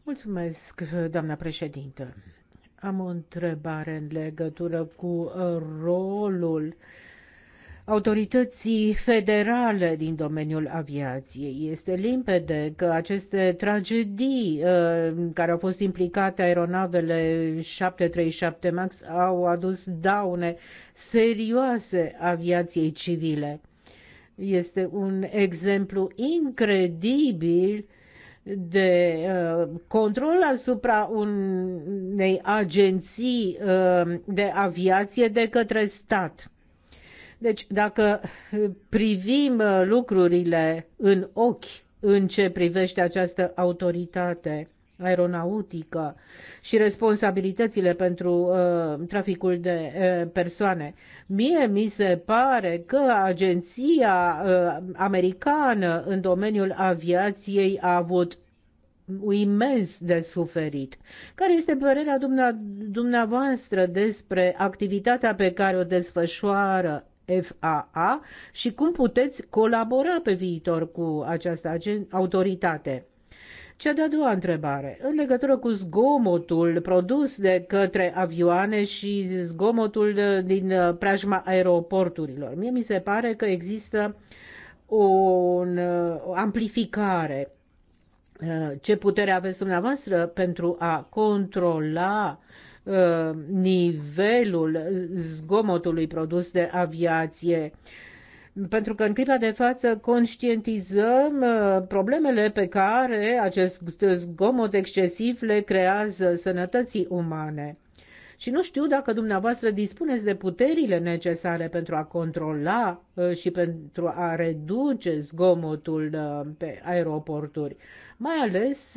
Mulțumesc, doamna președintă. Am o întrebare în legătură cu uh, rolul autorității federale din domeniul aviației. Este limpede că aceste tragedii în uh, care au fost implicate aeronavele 737 MAX au adus daune serioase aviației civile. Este un exemplu incredibil de uh, control asupra unei agenții uh, de aviație de către stat. Deci, dacă privim uh, lucrurile în ochi în ce privește această autoritate, aeronautică și responsabilitățile pentru uh, traficul de uh, persoane. Mie mi se pare că agenția uh, americană în domeniul aviației a avut imens de suferit. Care este părerea dumna, dumneavoastră despre activitatea pe care o desfășoară FAA și cum puteți colabora pe viitor cu această autoritate? Cea de-a doua întrebare, în legătură cu zgomotul produs de către avioane și zgomotul uh, din uh, preajma aeroporturilor, mie mi se pare că există o uh, amplificare. Ce putere aveți dumneavoastră pentru a controla nivelul zgomotului produs de aviație pentru că în clipa de față conștientizăm uh, problemele pe care acest zgomot excesiv le creează sănătății umane. Și nu știu dacă dumneavoastră dispuneți de puterile necesare pentru a controla uh, și pentru a reduce zgomotul uh, pe aeroporturi, mai ales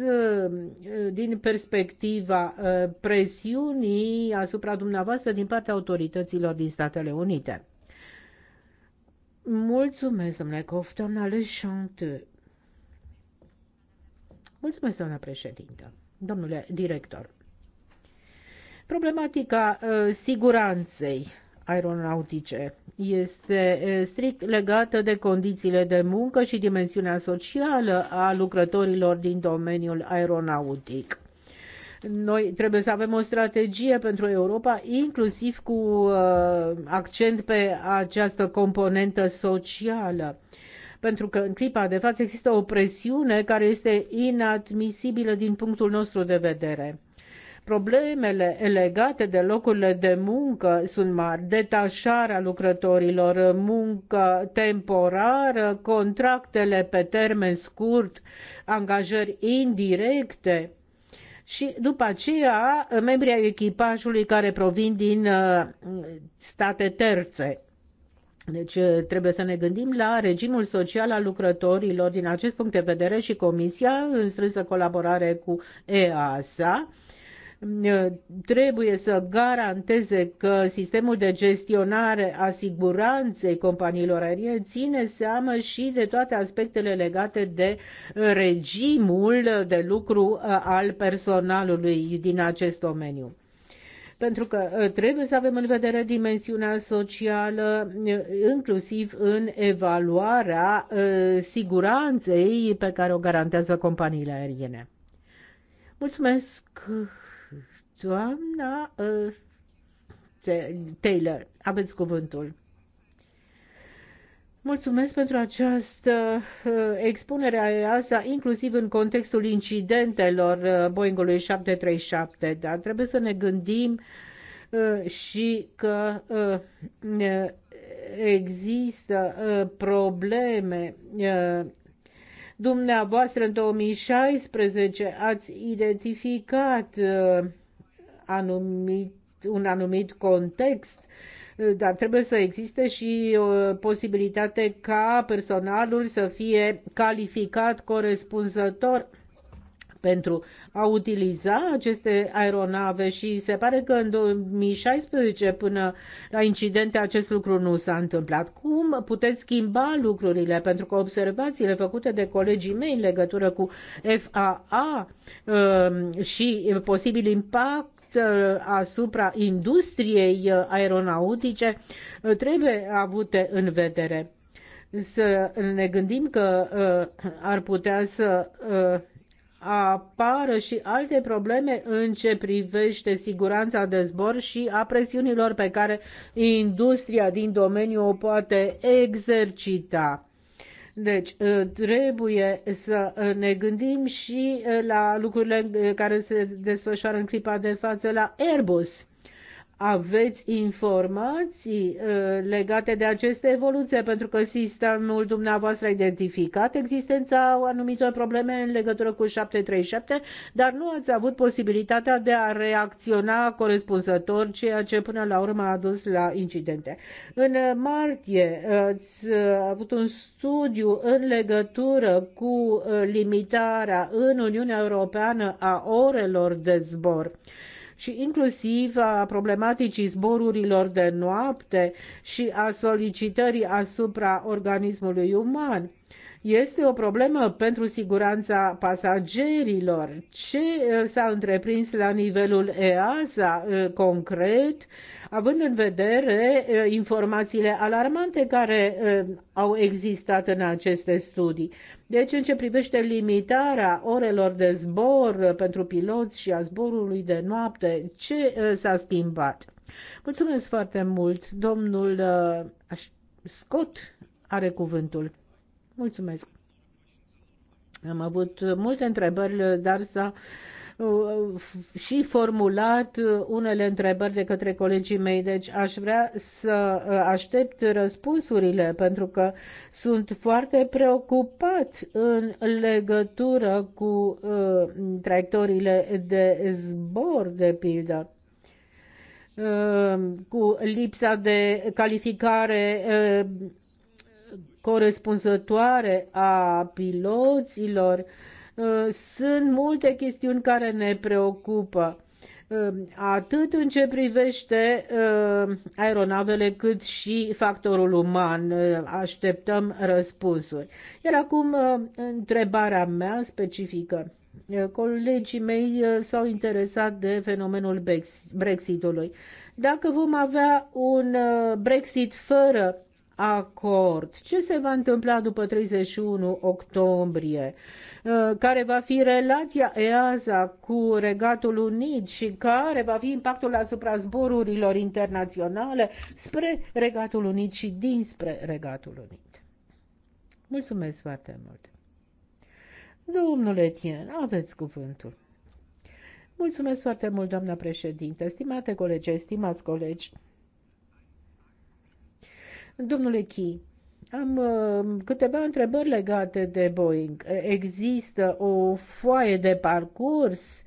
din perspectiva presiunii asupra dumneavoastră din partea autorităților din Statele Unite. Mulțumesc, domnule Cof, doamna Le Chante. Mulțumesc, doamna președintă, domnule director. Problematica uh, siguranței aeronautice este uh, strict legată de condițiile de muncă și dimensiunea socială a lucrătorilor din domeniul aeronautic. Noi trebuie să avem o strategie pentru Europa, inclusiv cu uh, accent pe această componentă socială pentru că în clipa de față există o presiune care este inadmisibilă din punctul nostru de vedere. Problemele legate de locurile de muncă sunt mari. Detașarea lucrătorilor, muncă temporară, contractele pe termen scurt, angajări indirecte și după aceea membrii ai echipajului care provin din uh, state terțe. Deci uh, trebuie să ne gândim la regimul social al lucrătorilor din acest punct de vedere și Comisia, în strânsă colaborare cu EASA, trebuie să garanteze că sistemul de gestionare a siguranței companiilor aeriene ține seamă și de toate aspectele legate de uh, regimul de lucru uh, al personalului din acest domeniu pentru că uh, trebuie să avem în vedere dimensiunea socială, inclusiv în evaluarea siguranței pe care o garantează companiile aeriene. Mulțumesc Doamna uh, Taylor, aveți cuvântul. Mulțumesc pentru această uh, expunere a EASA, inclusiv în contextul incidentelor uh, Boeingului 737, dar trebuie să ne gândim și că există probleme dumneavoastră în 2016 ați identificat uh, anumit, un anumit context, dar trebuie să existe și uh, posibilitate ca personalul să fie calificat corespunzător pentru a utiliza aceste aeronave și se pare că în 2016 până la incidente acest lucru nu s-a întâmplat. Cum puteți schimba lucrurile? Pentru că observațiile făcute de colegii mei în legătură cu FAA uh, și posibil impact impact uh, asupra industriei uh, aeronautice uh, trebuie avute în vedere. Să ne gândim că ar putea să apară și alte probleme în ce privește siguranța de zbor și a presiunilor pe care industria din domeniu o poate exercita. Deci, uh, trebuie să uh, ne gândim și uh, la lucrurile care se desfășoară în clipa de față la Airbus aveți informații uh, legate de aceste evoluții, pentru că sistemul dumneavoastră a identificat existența anumitor probleme în legătură cu 737, dar nu ați avut posibilitatea de a reacționa corespunzător, ceea ce până la urmă a dus la incidente. În martie uh, ați uh, avut un studiu în legătură cu limitarea în Uniunea Europeană a orelor de zbor și inclusiv a problematicii zborurilor de noapte și a solicitării asupra organismului uman. Este o problemă pentru siguranța pasagerilor. Ce s-a întreprins la nivelul EASA concret, având în vedere informațiile alarmante care au existat în aceste studii? Deci, în ce privește limitarea orelor de zbor pentru piloți și a zborului de noapte, ce uh, s-a schimbat? Mulțumesc foarte mult. Domnul uh, Scott are cuvântul. Mulțumesc. Am avut multe întrebări, dar s-a uh, și formulat unele întrebări de către colegii mei, deci aș vrea să uh, aștept răspunsurile pentru că sunt foarte preocupat în legătură cu uh, traiectoriile de zbor, de pildă uh, cu lipsa de calificare corespunzătoare a piloților, Uh, sunt multe chestiuni care ne preocupă uh, atât în ce privește uh, aeronavele, cât și factorul uman. Așteptăm răspunsuri. Iar acum, întrebarea mea specifică. Colegii mei s-au interesat de fenomenul Brexitului. Dacă vom avea un Brexit fără acord, ce se va întâmpla după 31 octombrie, uh, care va fi relația EASA cu Regatul Unit și care va fi impactul asupra zborurilor internaționale spre Regatul Unit și dinspre Regatul Unit. Mulțumesc foarte mult! Domnule Tien, aveți cuvântul. Mulțumesc foarte mult, doamna președinte, stimate colegi, stimați colegi. Domnule Chi, am uh, câteva întrebări legate de Boeing. Există o foaie de parcurs?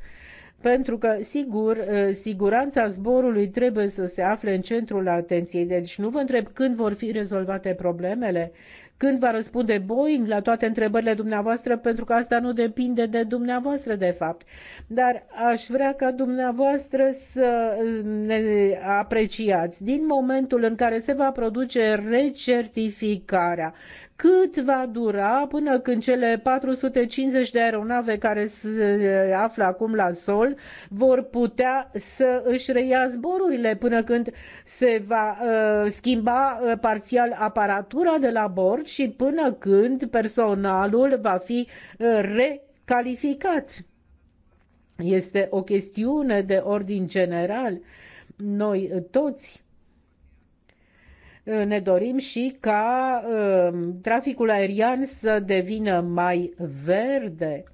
Pentru că, sigur, uh, siguranța zborului trebuie să se afle în centrul atenției. Deci nu vă întreb când vor fi rezolvate problemele, când va răspunde Boeing la toate întrebările dumneavoastră, pentru că asta nu depinde de dumneavoastră, de fapt. Dar aș vrea ca dumneavoastră să uh, ne apreciați. Din momentul în care se va produce recertificarea, cât va dura până când cele 450 de aeronave care se află acum la sol vor putea să își reia zborurile până când se va uh, schimba uh, parțial aparatura de la bord și până când personalul va fi uh, recalificat? Este o chestiune de ordin general. Noi toți Uh, ne dorim și ca uh, traficul aerian să devină mai verde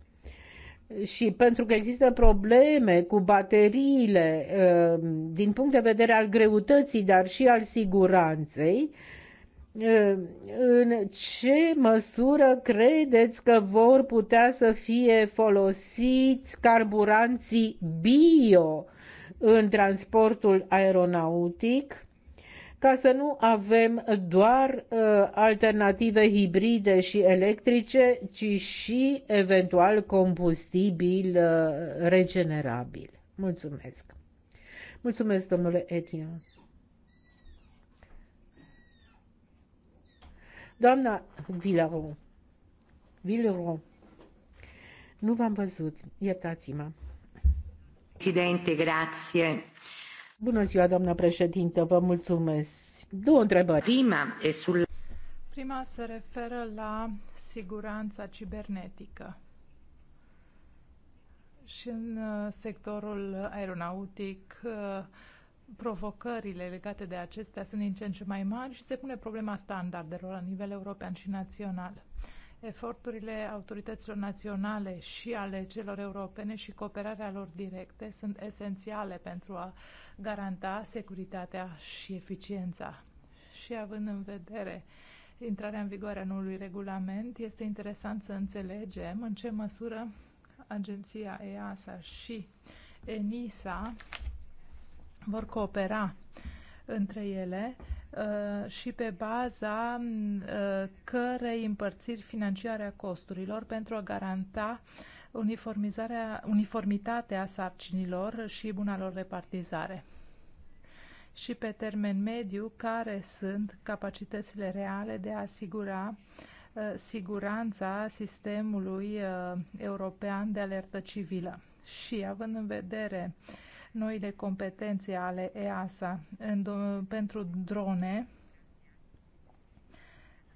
și pentru că există probleme cu bateriile uh, din punct de vedere al greutății, dar și al siguranței, în ce măsură credeți că vor putea să fie folosiți carburanții bio în transportul aeronautic? ca să nu avem doar uh, alternative hibride și electrice, ci și eventual combustibil uh, regenerabil. Mulțumesc. Mulțumesc, domnule Etienne. Doamna Villaron, Villaron, nu v-am văzut, iertați-mă. Presidente, grazie. Bună ziua, doamnă președintă, vă mulțumesc. Două întrebări. Prima esul... Prima se referă la siguranța cibernetică și în uh, sectorul aeronautic uh, provocările legate de acestea sunt din ce în ce mai mari și se pune problema standardelor la nivel european și național. Eforturile autorităților naționale și ale celor europene și cooperarea lor directe sunt esențiale pentru a garanta securitatea și eficiența. Și având în vedere intrarea în vigoare a noului regulament, este interesant să înțelegem în ce măsură agenția EASA și ENISA vor coopera între ele Uh, și pe baza uh, cărei împărțiri financiare a costurilor pentru a garanta uniformizarea, uniformitatea sarcinilor și buna lor repartizare și pe termen mediu care sunt capacitățile reale de a asigura uh, siguranța sistemului european de alertă civilă. Și având în vedere uh, noile competențe ale EASA în, pentru drone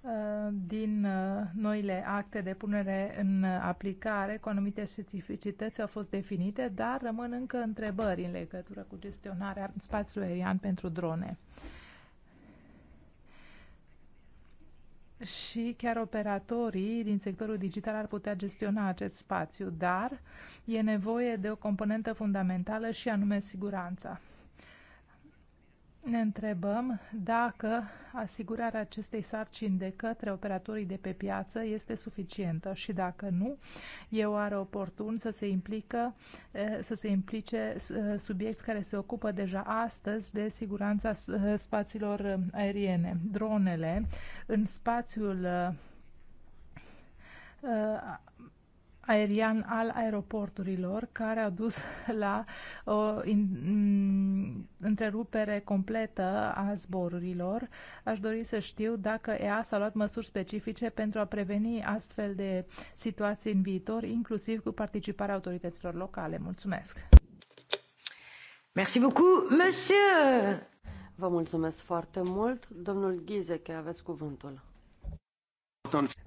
uh, din uh, noile acte de punere în aplicare cu anumite specificități au fost definite, dar rămân încă întrebări în legătură cu gestionarea spațiului aerian pentru drone. și chiar operatorii din sectorul digital ar putea gestiona acest spațiu, dar e nevoie de o componentă fundamentală și anume siguranța ne întrebăm dacă asigurarea acestei sarcini de către operatorii de pe piață este suficientă și dacă nu, e oare oportun să se, implică, să se implice subiecti care se ocupă deja astăzi de siguranța spațiilor aeriene, dronele, în spațiul aerian al aeroporturilor, care a dus la o in, mm, întrerupere completă a zborurilor. Aș dori să știu dacă EAS a luat măsuri specifice pentru a preveni astfel de situații în viitor, inclusiv cu participarea autorităților locale. Mulțumesc! Merci beaucoup, monsieur! Vă mulțumesc foarte mult. Domnul Ghize, că aveți cuvântul.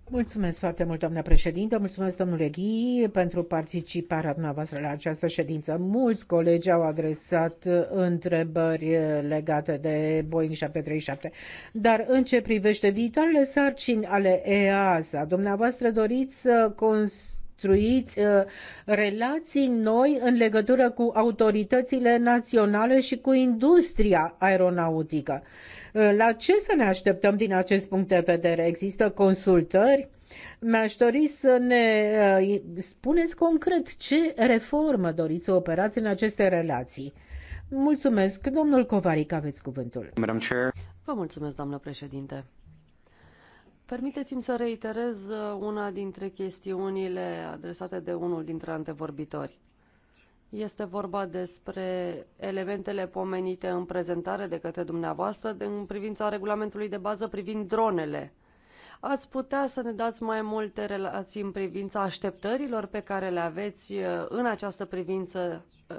Mulțumesc foarte mult, doamna președinte. mulțumesc domnule Ghi pentru participarea dumneavoastră la această ședință. Mulți colegi au adresat întrebări legate de Boeing 737, dar în ce privește viitoarele sarcini ale EASA, dumneavoastră doriți să construiți construiți uh, relații noi în legătură cu autoritățile naționale și cu industria aeronautică. Uh, la ce să ne așteptăm din acest punct de vedere? Există consultări? Mi-aș dori să ne uh, spuneți concret ce reformă doriți să operați în aceste relații. Mulțumesc. Domnul Covaric, aveți cuvântul. Vă mulțumesc, doamnă președinte. Permiteți-mi să reiterez uh, una dintre chestiunile adresate de unul dintre antevorbitori. Este vorba despre elementele pomenite în prezentare de către dumneavoastră în privința regulamentului de bază privind dronele. Ați putea să ne dați mai multe relații în privința așteptărilor pe care le aveți uh, în această privință Uh,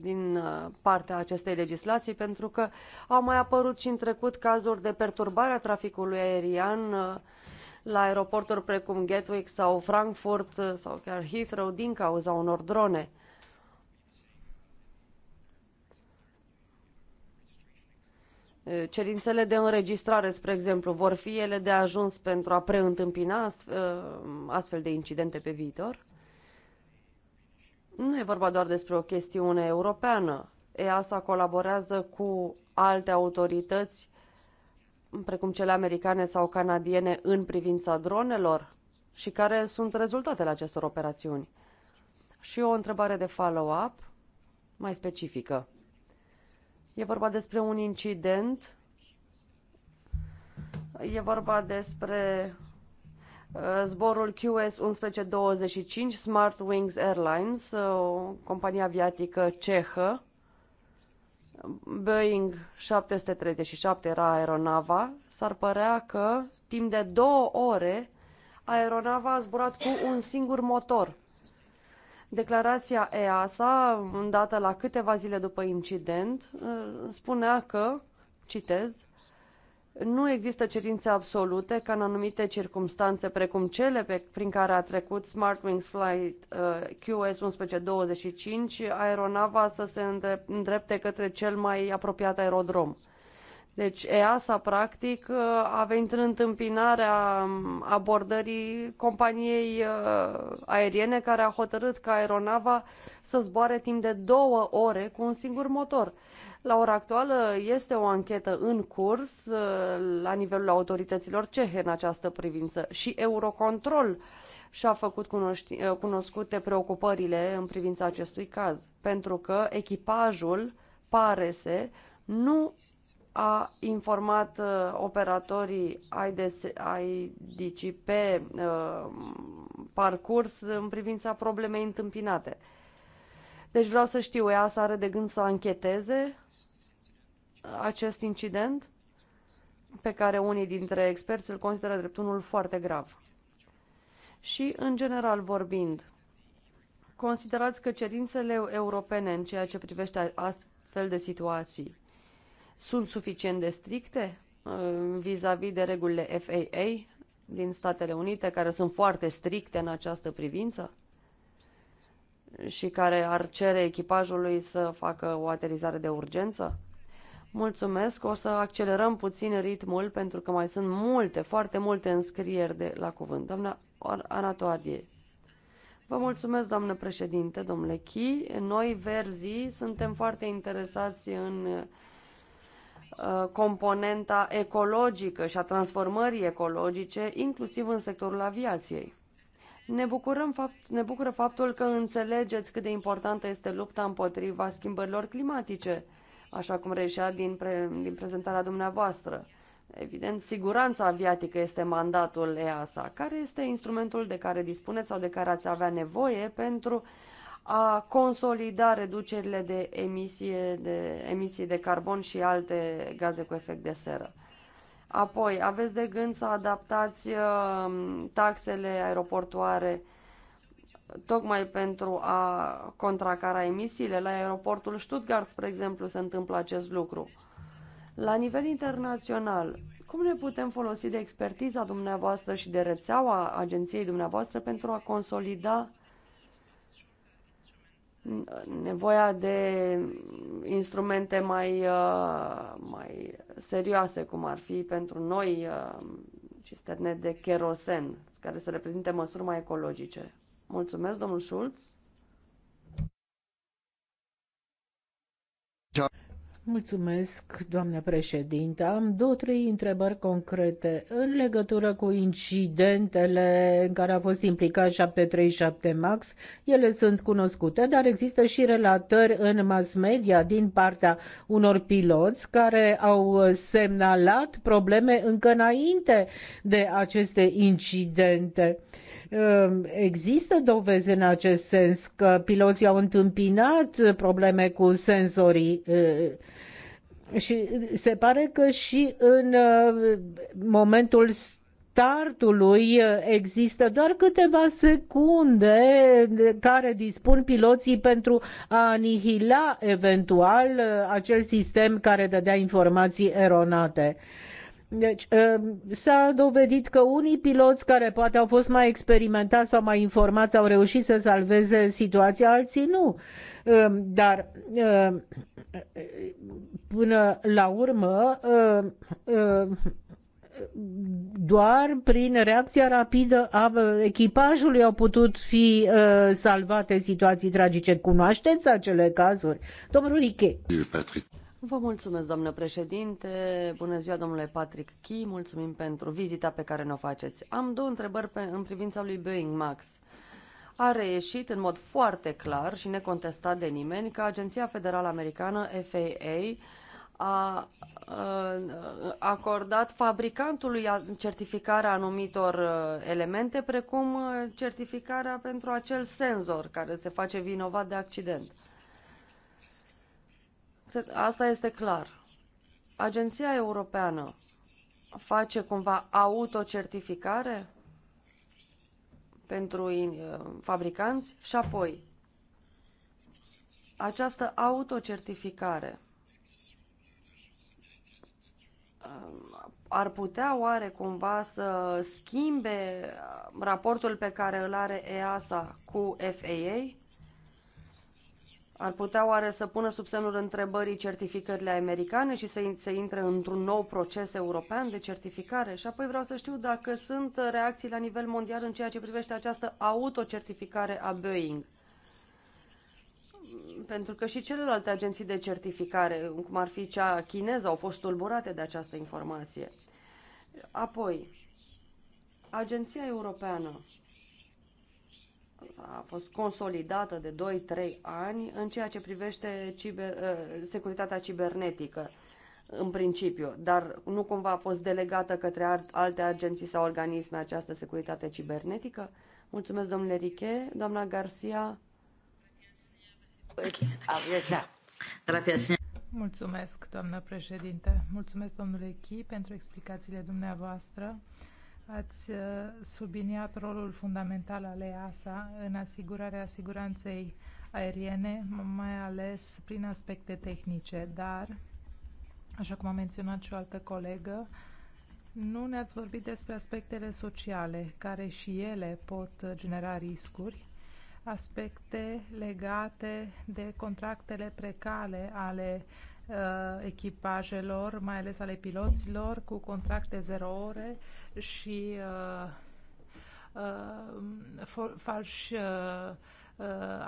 din uh, partea acestei legislații, pentru că au mai apărut și în trecut cazuri de perturbare a traficului aerian uh, la aeroporturi precum Gatwick sau Frankfurt sau chiar Heathrow din cauza unor drone. Cerințele de înregistrare, spre exemplu, vor fi ele de ajuns pentru a preîntâmpina astfel de incidente pe viitor? Nu e vorba doar despre o chestiune europeană. EASA colaborează cu alte autorități, precum cele americane sau canadiene, în privința dronelor și care sunt rezultatele acestor operațiuni. Și o întrebare de follow-up mai specifică. E vorba despre un incident, e vorba despre Uh, zborul QS 1125 Smart Wings Airlines, uh, o companie aviatică cehă. Boeing 737 era aeronava. S-ar părea că timp de două ore aeronava a zburat cu un singur motor. Declarația EASA, dată la câteva zile după incident, uh, spunea că, citez, nu există cerințe absolute ca în anumite circunstanțe, precum cele pe, prin care a trecut Smartwings Flight uh, QS1125, aeronava să se îndrepte către cel mai apropiat aerodrom. Deci EASA, practic, uh, a venit în întâmpinarea um, abordării companiei uh, aeriene care a hotărât ca aeronava să zboare timp de două ore cu un singur motor. La ora actuală este o anchetă în curs uh, la nivelul autorităților cehe în această privință și Eurocontrol și-a făcut uh, cunoscute preocupările în privința acestui caz, pentru că echipajul, pare să nu a informat uh, operatorii IDC pe uh, parcurs în privința problemei întâmpinate. Deci vreau să știu, EASA are de gând să ancheteze acest incident pe care unii dintre experți îl consideră drept unul foarte grav. Și, în general vorbind, considerați că cerințele europene în ceea ce privește astfel de situații sunt suficient de stricte uh, vis-a-vis -vis de regulile FAA din Statele Unite, care sunt foarte stricte în această privință și care ar cere echipajului să facă o aterizare de urgență? Mulțumesc, o să accelerăm puțin ritmul pentru că mai sunt multe, foarte multe înscrieri de la cuvânt. Doamna Ana Vă mulțumesc, doamnă președinte, domnule Chi. Noi, verzii, suntem foarte interesați în uh, componenta ecologică și a transformării ecologice, inclusiv în sectorul aviației. Ne, bucurăm fapt, ne bucură faptul că înțelegeți cât de importantă este lupta împotriva schimbărilor climatice așa cum reșea din, pre, din prezentarea dumneavoastră. Evident, siguranța aviatică este mandatul EASA. Care este instrumentul de care dispuneți sau de care ați avea nevoie pentru a consolida reducerile de emisie de, emisii de carbon și alte gaze cu efect de seră? Apoi, aveți de gând să adaptați uh, taxele aeroportoare uh, tocmai pentru a contracara emisiile. La aeroportul Stuttgart, spre exemplu, se întâmplă acest lucru. La nivel internațional, cum ne putem folosi de expertiza dumneavoastră și de rețeaua agenției dumneavoastră pentru a consolida nevoia de instrumente mai, uh, mai serioase, cum ar fi pentru noi uh, cisterne de kerosen, care să reprezinte măsuri mai ecologice. Mulțumesc, domnul Schulz. Mulțumesc, doamnă președinte. Am două, trei întrebări concrete în legătură cu incidentele în care a fost implicat 737 MAX. Ele sunt cunoscute, dar există și relatări în mass media din partea unor piloți care au semnalat probleme încă înainte de aceste incidente. Ehm, există dovezi în acest sens că piloții au întâmpinat probleme cu senzorii ehm, și se pare că și în ehm, momentul startului există doar câteva secunde care dispun piloții pentru a anihila eventual acel sistem care dădea informații eronate. Deci uh, s-a dovedit că unii piloți care poate au fost mai experimentați sau mai informați au reușit să salveze situația, alții nu. Um, dar uh, până la urmă uh, doar prin reacția rapidă a echipajului au putut fi salvate situații tragice. Cunoașteți acele cazuri? Domnul Riche. Patrick. Vă mulțumesc, doamnă președinte. Bună ziua, domnule Patrick Key. Mulțumim pentru vizita pe care ne-o faceți. Am două întrebări pe, în privința lui Boeing Max. A reieșit în mod foarte clar și necontestat de nimeni că Agenția Federală Americană, FAA, a, acordat fabricantului certificarea anumitor uh, elemente, precum uh, certificarea pentru acel senzor care se face vinovat de accident. Asta este clar. Agenția Europeană face cumva autocertificare pentru eh, fabricanți și apoi această autocertificare eh, ar putea oare cumva să schimbe eh, raportul pe care îl are EASA cu FAA? Ar putea oare să pună sub semnul întrebării certificările americane și să se intre într-un nou proces european de certificare? Și apoi vreau să știu dacă sunt reacții la nivel mondial în ceea ce privește această autocertificare a Boeing. Pentru că și celelalte agenții de certificare, cum ar fi cea chineză, au fost tulburate de această informație. Apoi, Agenția Europeană a fost consolidată de 2-3 ani în ceea ce privește ciber, uh, securitatea cibernetică în principiu, dar nu cumva a fost delegată către alte agenții sau organisme această securitate cibernetică? Mulțumesc, domnule Riche. Doamna Garcia. Mulțumesc, doamnă președinte. Mulțumesc, domnule Chi, pentru explicațiile dumneavoastră. Ați uh, subliniat rolul fundamental al EASA în asigurarea siguranței aeriene, mai ales prin aspecte tehnice, dar, așa cum a menționat și o altă colegă, nu ne-ați vorbit despre aspectele sociale, care și ele pot genera riscuri, aspecte legate de contractele precale ale Uh, echipajelor, mai ales ale piloților, cu contracte zero ore și uh, uh, falși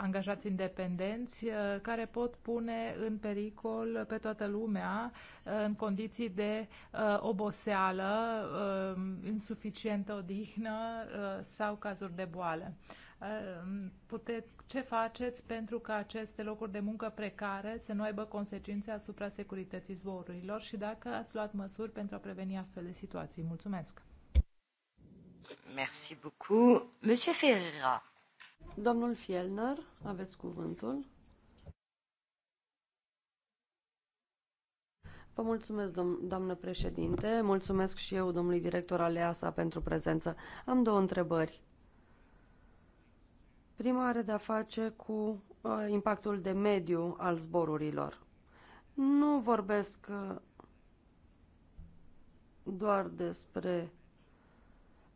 angajați independenți care pot pune în pericol pe toată lumea în condiții de oboseală, insuficientă odihnă sau cazuri de boală. Ehm, Puteți, ce faceți pentru ca aceste locuri de muncă precare să nu aibă consecințe asupra securității zborurilor și dacă ați luat măsuri pentru a preveni astfel de situații? Mulțumesc! Merci beaucoup. Monsieur Ferreira. Domnul Fielner, aveți cuvântul. Vă mulțumesc, dom doamnă președinte. Mulțumesc și eu, domnului director Aleasa, pentru prezență. Am două întrebări. Prima are de-a face cu uh, impactul de mediu al zborurilor. Nu vorbesc uh, doar despre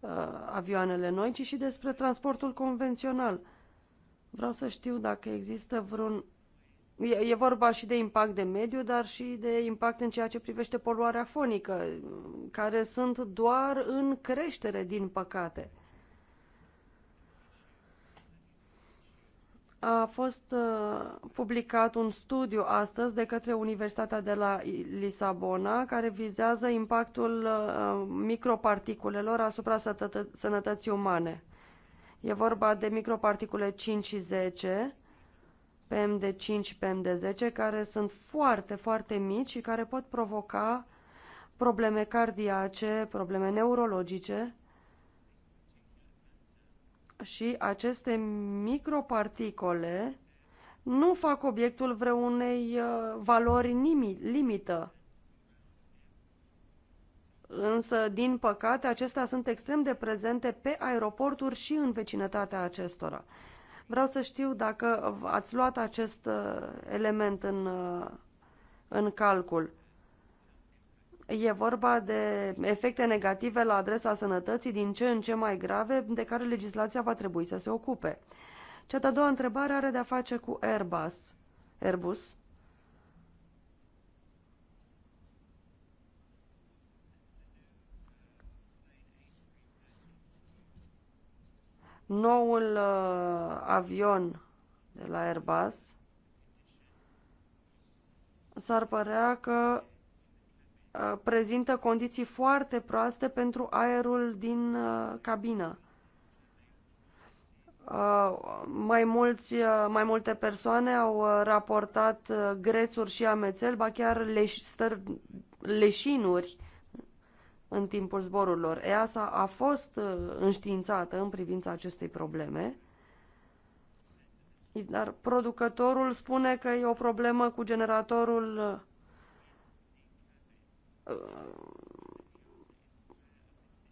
uh, avioanele noi, ci și despre transportul convențional. Vreau să știu dacă există vreun... E, e vorba și de impact de mediu, dar și de impact în ceea ce privește poluarea fonică, care sunt doar în creștere, din păcate. a fost uh, publicat un studiu astăzi de către Universitatea de la Lisabona care vizează impactul uh, microparticulelor asupra sănătății umane. E vorba de microparticule 5 și 10, de 5 și de 10 care sunt foarte, foarte mici și care pot provoca probleme cardiace, probleme neurologice, și aceste microparticole nu fac obiectul vreunei uh, valori limită. Însă, din păcate, acestea sunt extrem de prezente pe aeroporturi și în vecinătatea acestora. Vreau să știu dacă ați luat acest uh, element în, uh, în calcul. E vorba de efecte negative la adresa sănătății din ce în ce mai grave de care legislația va trebui să se ocupe. Cea de-a doua întrebare are de-a face cu Airbus. Airbus. Noul uh, avion de la Airbus s-ar părea că Uh, prezintă condiții foarte proaste pentru aerul din uh, cabină. Uh, mai, mulți, mai multe persoane au raportat grețuri și amețel, ba chiar leș, stăr, leșinuri în timpul zborurilor. EASA a fost înștiințată în privința acestei probleme, dar producătorul spune că e o problemă cu generatorul Uh,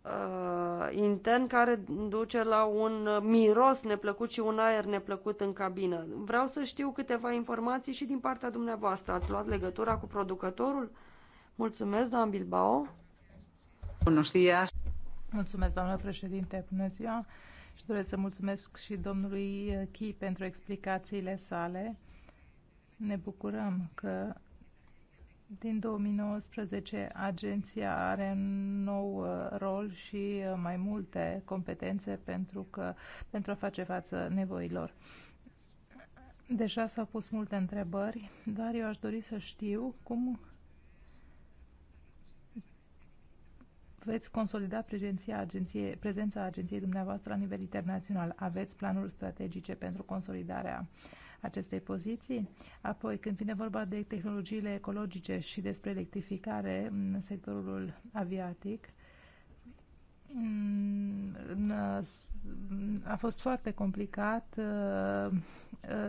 uh, intern care duce la un miros neplăcut și un aer neplăcut în cabină. Vreau să știu câteva informații și din partea dumneavoastră. Ați luat legătura cu producătorul? Mulțumesc, doamn Bilbao. Bună días. Mulțumesc, doamnă președinte. Bună ziua. Și doresc să mulțumesc și domnului Chi pentru explicațiile sale. Ne bucurăm că din 2019, agenția are un nou uh, rol și uh, mai multe competențe pentru, că, pentru a face față nevoilor. Deja s-au pus multe întrebări, dar eu aș dori să știu cum veți consolida prezenția agenției, prezența agenției dumneavoastră la nivel internațional. Aveți planuri strategice pentru consolidarea uh, acestei poziții. Apoi, când vine vorba de tehnologiile ecologice și despre electrificare în sectorul aviatic, a fost foarte complicat uh, uh,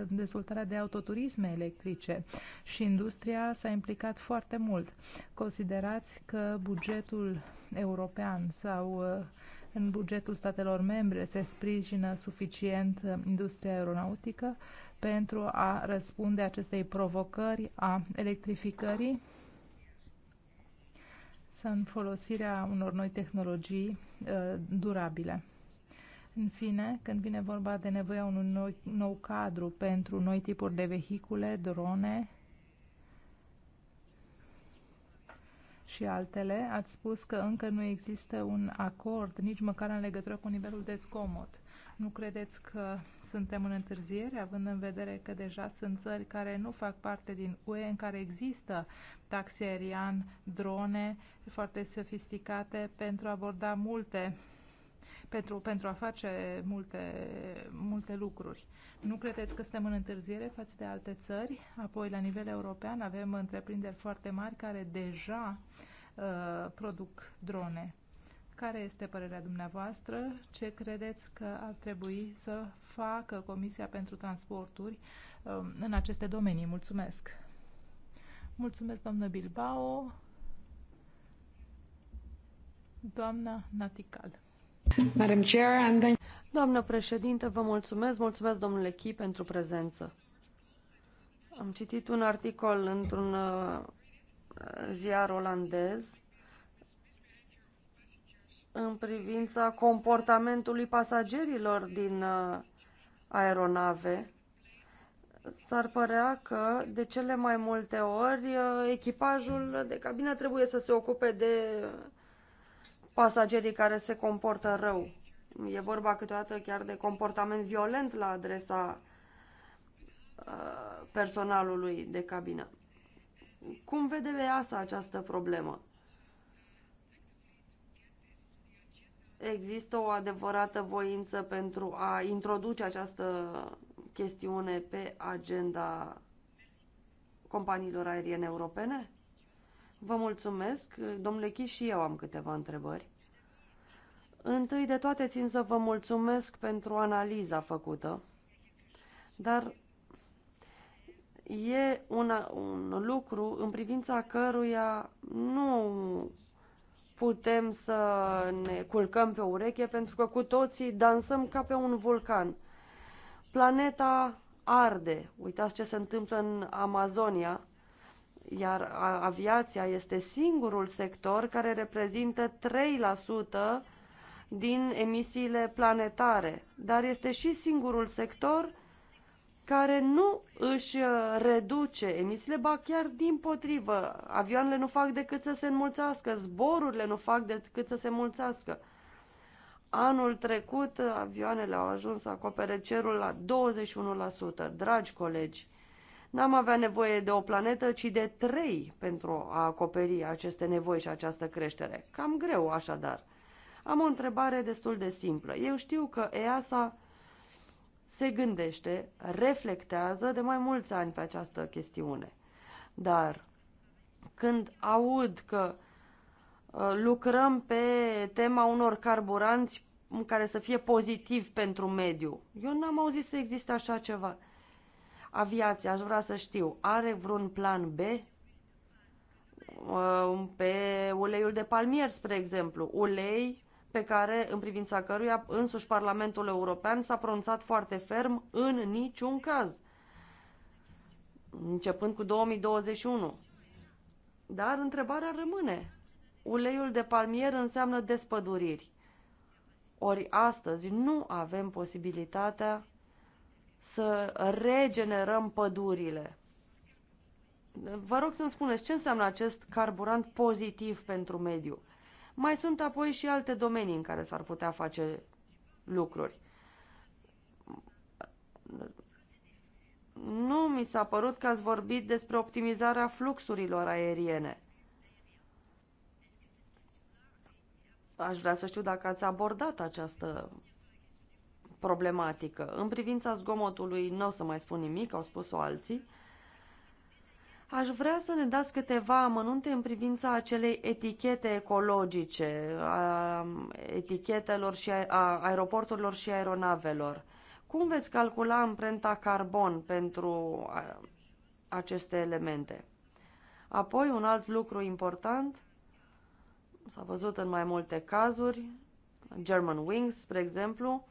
dezvoltarea de autoturisme electrice și industria s-a implicat foarte mult. Considerați că bugetul european sau uh, în bugetul statelor membre se sprijină suficient industria aeronautică pentru a răspunde acestei provocări a electrificării în folosirea unor noi tehnologii uh, durabile. În fine, când vine vorba de nevoia unui nou, nou cadru pentru noi tipuri de vehicule, drone și altele, ați spus că încă nu există un acord, nici măcar în legătură cu nivelul de zgomot. Nu credeți că suntem în întârziere, având în vedere că deja sunt țări care nu fac parte din UE, în care există taxi aerian, drone foarte sofisticate pentru a aborda multe pentru, pentru a face multe, multe lucruri. Nu credeți că suntem în întârziere față de alte țări? Apoi, la nivel european, avem întreprinderi foarte mari care deja uh, produc drone. Care este părerea dumneavoastră? Ce credeți că ar trebui să facă Comisia pentru Transporturi um, în aceste domenii? Mulțumesc! Mulțumesc, doamnă Bilbao. Doamna Natical. Madam Chair, and then... Doamnă președinte, vă mulțumesc, mulțumesc domnule Chi pentru prezență. Am citit un articol într-un uh, ziar olandez în privința comportamentului pasagerilor din uh, aeronave, s-ar părea că de cele mai multe ori uh, echipajul de cabină trebuie să se ocupe de pasagerii care se comportă rău. E vorba câteodată chiar de comportament violent la adresa uh, personalului de cabină. Cum vede asta această problemă? există o adevărată voință pentru a introduce această chestiune pe agenda companiilor aeriene europene? Vă mulțumesc. Domnule Chis, și eu am câteva întrebări. Întâi de toate țin să vă mulțumesc pentru analiza făcută, dar e una, un lucru în privința căruia nu putem să ne culcăm pe ureche pentru că cu toții dansăm ca pe un vulcan. Planeta arde. Uitați ce se întâmplă în Amazonia, iar aviația este singurul sector care reprezintă 3% din emisiile planetare, dar este și singurul sector care nu își uh, reduce emisiile, ba chiar din potrivă. Avioanele nu fac decât să se înmulțească, zborurile nu fac decât să se mulțească. Anul trecut uh, avioanele au ajuns să acopere cerul la 21%. Dragi colegi, n-am avea nevoie de o planetă, ci de trei pentru a acoperi aceste nevoi și această creștere. Cam greu, așadar. Am o întrebare destul de simplă. Eu știu că EASA se gândește, reflectează de mai mulți ani pe această chestiune. Dar când aud că uh, lucrăm pe tema unor carburanți care să fie pozitiv pentru mediu, eu n-am auzit să existe așa ceva. Aviația, aș vrea să știu, are vreun plan B? Uh, pe uleiul de palmier, spre exemplu, ulei pe care, în privința căruia însuși Parlamentul European s-a pronunțat foarte ferm în niciun caz, începând cu 2021. Dar întrebarea rămâne. Uleiul de palmier înseamnă despăduriri. Ori astăzi nu avem posibilitatea să regenerăm pădurile. Vă rog să-mi spuneți ce înseamnă acest carburant pozitiv pentru mediu. Mai sunt apoi și alte domenii în care s-ar putea face lucruri. Nu mi s-a părut că ați vorbit despre optimizarea fluxurilor aeriene. Aș vrea să știu dacă ați abordat această problematică. În privința zgomotului, nu o să mai spun nimic, au spus-o alții. Aș vrea să ne dați câteva amănunte în privința acelei etichete ecologice, a etichetelor și a aeroporturilor și aeronavelor. Cum veți calcula amprenta carbon pentru aceste elemente? Apoi, un alt lucru important, s-a văzut în mai multe cazuri, German Wings, spre exemplu,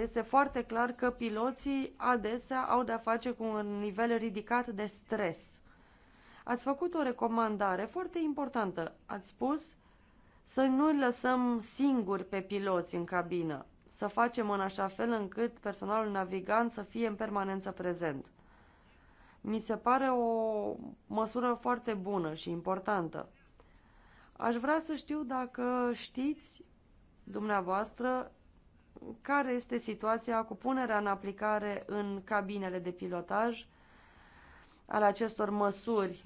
este foarte clar că piloții adesea au de-a face cu un nivel ridicat de stres. Ați făcut o recomandare foarte importantă. Ați spus să nu lăsăm singuri pe piloți în cabină, să facem în așa fel încât personalul navigant să fie în permanență prezent. Mi se pare o măsură foarte bună și importantă. Aș vrea să știu dacă știți dumneavoastră care este situația cu punerea în aplicare în cabinele de pilotaj al acestor măsuri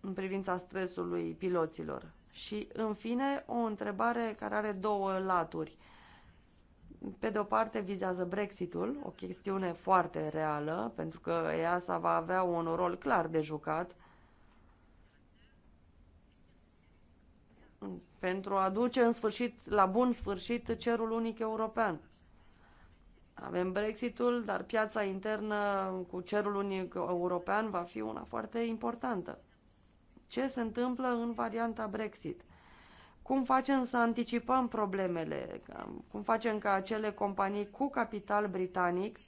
în privința stresului piloților. Și, în fine, o întrebare care are două laturi. Pe de o parte vizează Brexitul, o chestiune foarte reală, pentru că EASA va avea un rol clar de jucat pentru a duce în sfârșit, la bun sfârșit cerul unic european. Avem Brexitul, dar piața internă cu cerul unic european va fi una foarte importantă. Ce se întâmplă în varianta Brexit? Cum facem să anticipăm problemele? Cum facem ca acele companii cu capital britanic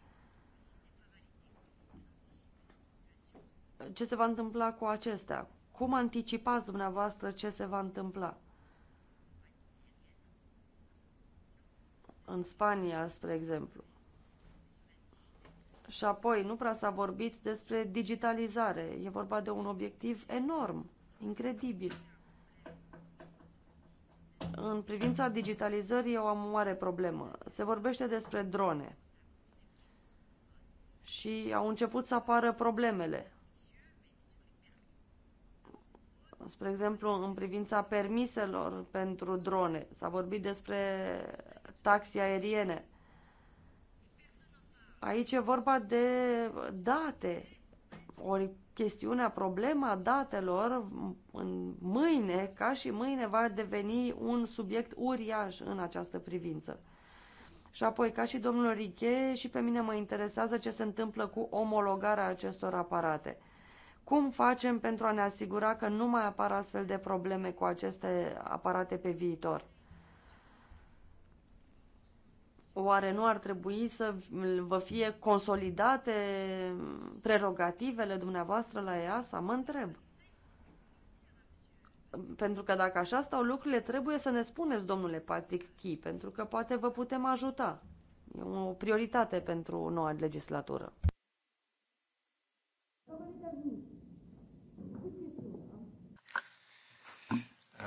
ce se va întâmpla cu acestea? Cum anticipați dumneavoastră ce se va întâmpla? În Spania, spre exemplu. Și apoi, nu prea s-a vorbit despre digitalizare. E vorba de un obiectiv enorm, incredibil. În privința digitalizării, eu am o mare problemă. Se vorbește despre drone. Și au început să apară problemele. Spre exemplu, în privința permiselor pentru drone, s-a vorbit despre taxi aeriene. Aici e vorba de date. Ori chestiunea, problema datelor în mâine, ca și mâine, va deveni un subiect uriaș în această privință. Și apoi, ca și domnul Riche, și pe mine mă interesează ce se întâmplă cu omologarea acestor aparate. Cum facem pentru a ne asigura că nu mai apar astfel de probleme cu aceste aparate pe viitor? Oare nu ar trebui să vă fie consolidate prerogativele dumneavoastră la EASA? Mă întreb. Pentru că dacă așa stau lucrurile, trebuie să ne spuneți, domnule Patrick Key, pentru că poate vă putem ajuta. E o prioritate pentru noua legislatură.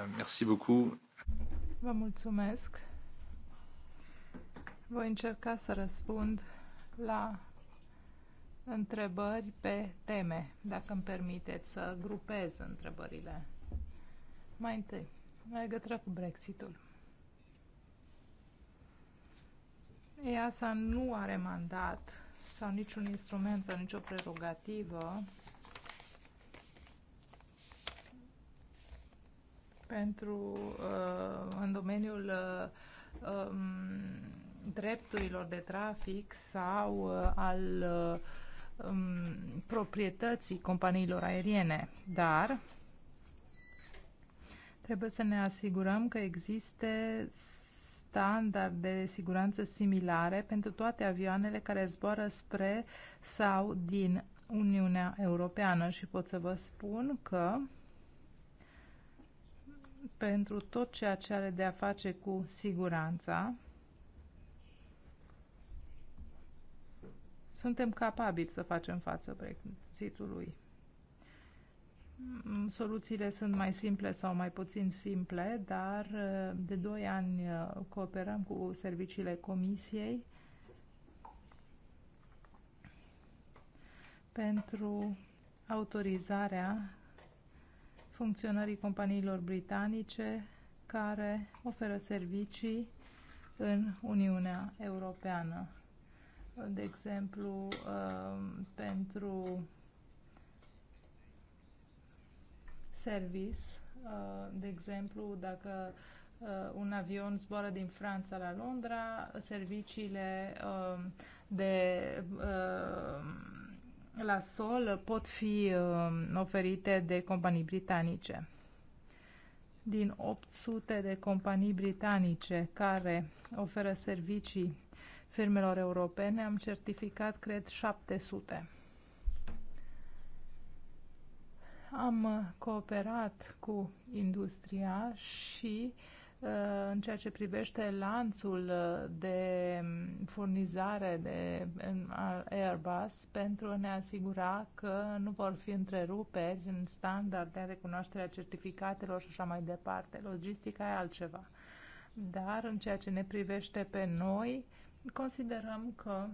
Euh, merci beaucoup. Vă mulțumesc. Voi încerca să răspund la întrebări pe teme, dacă îmi permiteți să grupez întrebările. Mai întâi, în legătură cu Brexitul. EASA nu are mandat sau niciun instrument sau nicio prerogativă pentru uh, în domeniul uh, um, drepturilor de trafic sau uh, al uh, um, proprietății companiilor aeriene, dar trebuie să ne asigurăm că există standarde de siguranță similare pentru toate avioanele care zboară spre sau din Uniunea Europeană și pot să vă spun că pentru tot ceea ce are de a face cu siguranța. Suntem capabili să facem față Brexitului. Mm, soluțiile sunt mai simple sau mai puțin simple, dar uh, de 2 ani uh, cooperăm cu serviciile Comisiei pentru autorizarea funcționării companiilor britanice care oferă servicii în Uniunea Europeană. De exemplu, uh, pentru service, uh, de exemplu, dacă uh, un avion zboară din Franța la Londra, serviciile de la sol pot fi um, oferite de companii britanice. Din 800 de companii britanice care oferă servicii firmelor europene, am certificat, cred, 700. Am cooperat cu industria și uh, în ceea ce privește lanțul de furnizare de Airbus pentru a ne asigura că nu vor fi întreruperi în standard de recunoaștere a certificatelor și așa mai departe. Logistica e altceva. Dar în ceea ce ne privește pe noi, considerăm că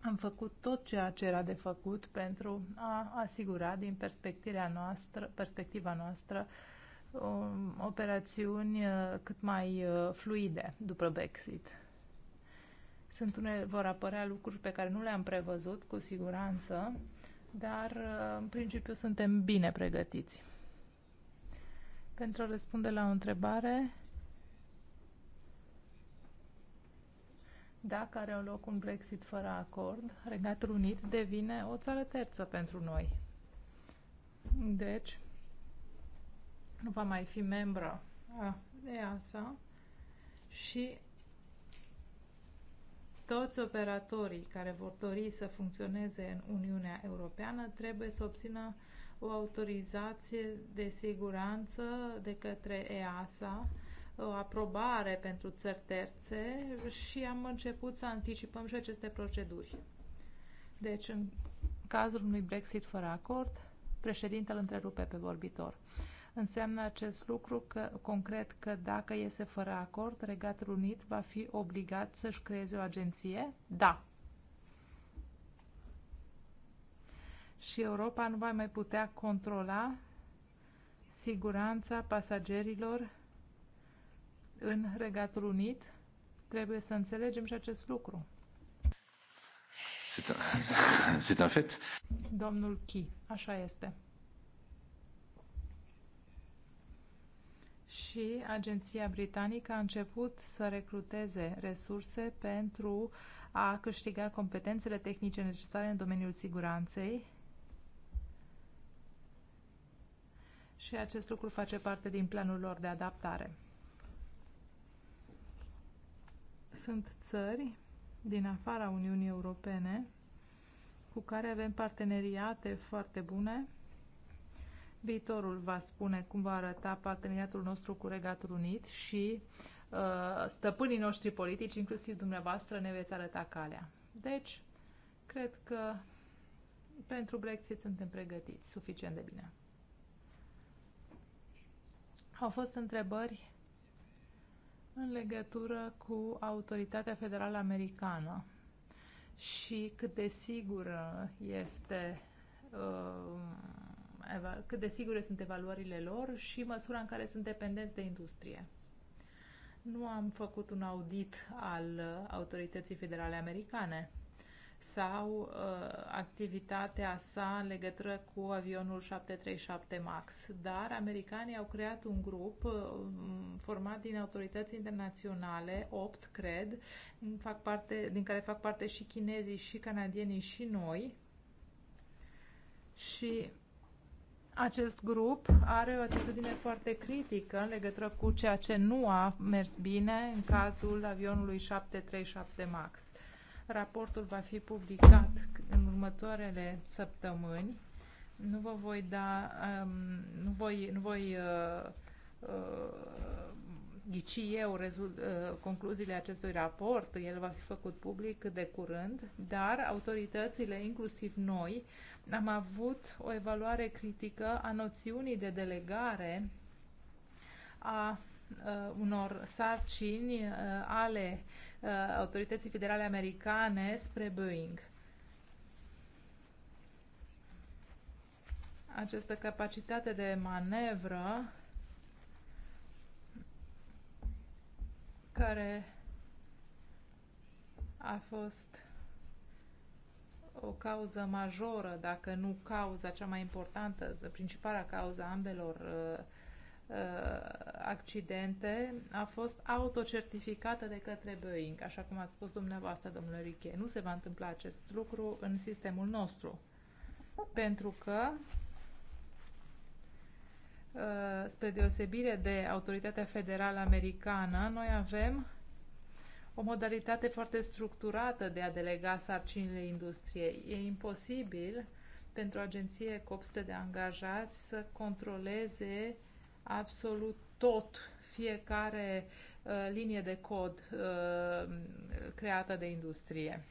am făcut tot ceea ce era de făcut pentru a asigura din perspectiva noastră, perspectiva noastră uh, Um, operațiuni uh, cât mai uh, fluide după Brexit. Sunt unele, vor apărea lucruri pe care nu le-am prevăzut, cu siguranță, dar uh, în principiu suntem bine pregătiți. Pentru a răspunde la o întrebare, dacă are loc un Brexit fără acord, Regatul Unit devine o țară terță pentru noi. Deci, nu va mai fi membră a EASA și toți operatorii care vor dori să funcționeze în Uniunea Europeană trebuie să obțină o autorizație de siguranță de către EASA, o aprobare pentru țări terțe și am început să anticipăm și aceste proceduri. Deci, în cazul unui Brexit fără acord, președintele întrerupe pe vorbitor. Înseamnă acest lucru că, concret că dacă iese fără acord, Regatul Unit va fi obligat să-și creeze o agenție? Da. Și Europa nu va mai putea controla siguranța pasagerilor în Regatul Unit? Trebuie să înțelegem și acest lucru. C'est un, un fait. Domnul Chi, așa este. și agenția britanică a început să recruteze resurse pentru a câștiga competențele tehnice necesare în domeniul siguranței. Și acest lucru face parte din planul lor de adaptare. Sunt țări din afara Uniunii Europene cu care avem parteneriate foarte bune Viitorul va spune cum va arăta parteneriatul nostru cu Regatul Unit și uh, stăpânii noștri politici, inclusiv dumneavoastră, ne veți arăta calea. Deci, cred că pentru Brexit suntem pregătiți suficient de bine. Au fost întrebări în legătură cu Autoritatea Federală Americană și cât de sigură este uh, cât de sigure sunt evaluările lor și măsura în care sunt dependenți de industrie. Nu am făcut un audit al uh, autorității federale americane sau uh, activitatea sa în legătură cu avionul 737 MAX. Dar americanii au creat un grup uh, format din autorități internaționale, 8 cred, fac parte, din care fac parte și chinezii, și canadienii, și noi. Și acest grup are o atitudine foarte critică în legătură cu ceea ce nu a mers bine în cazul avionului 737 MAX. Raportul va fi publicat în următoarele săptămâni. Nu vă voi da, um, nu voi, nu voi uh, uh, ghici eu rezult, uh, concluziile acestui raport, el va fi făcut public de curând, dar autoritățile, inclusiv noi, am avut o evaluare critică a noțiunii de delegare a uh, unor sarcini uh, ale uh, autorității federale americane spre Boeing. Această capacitate de manevră care a fost o cauză majoră, dacă nu cauza cea mai importantă, principala cauza ambelor uh, uh, accidente a fost autocertificată de către Boeing, așa cum ați spus dumneavoastră, domnule Riche. Nu se va întâmpla acest lucru în sistemul nostru, pentru că uh, spre deosebire de autoritatea federală americană, noi avem o modalitate foarte structurată de a delega sarcinile industriei. E imposibil pentru agenție cu 800 de angajați să controleze absolut tot, fiecare uh, linie de cod uh, creată de industrie.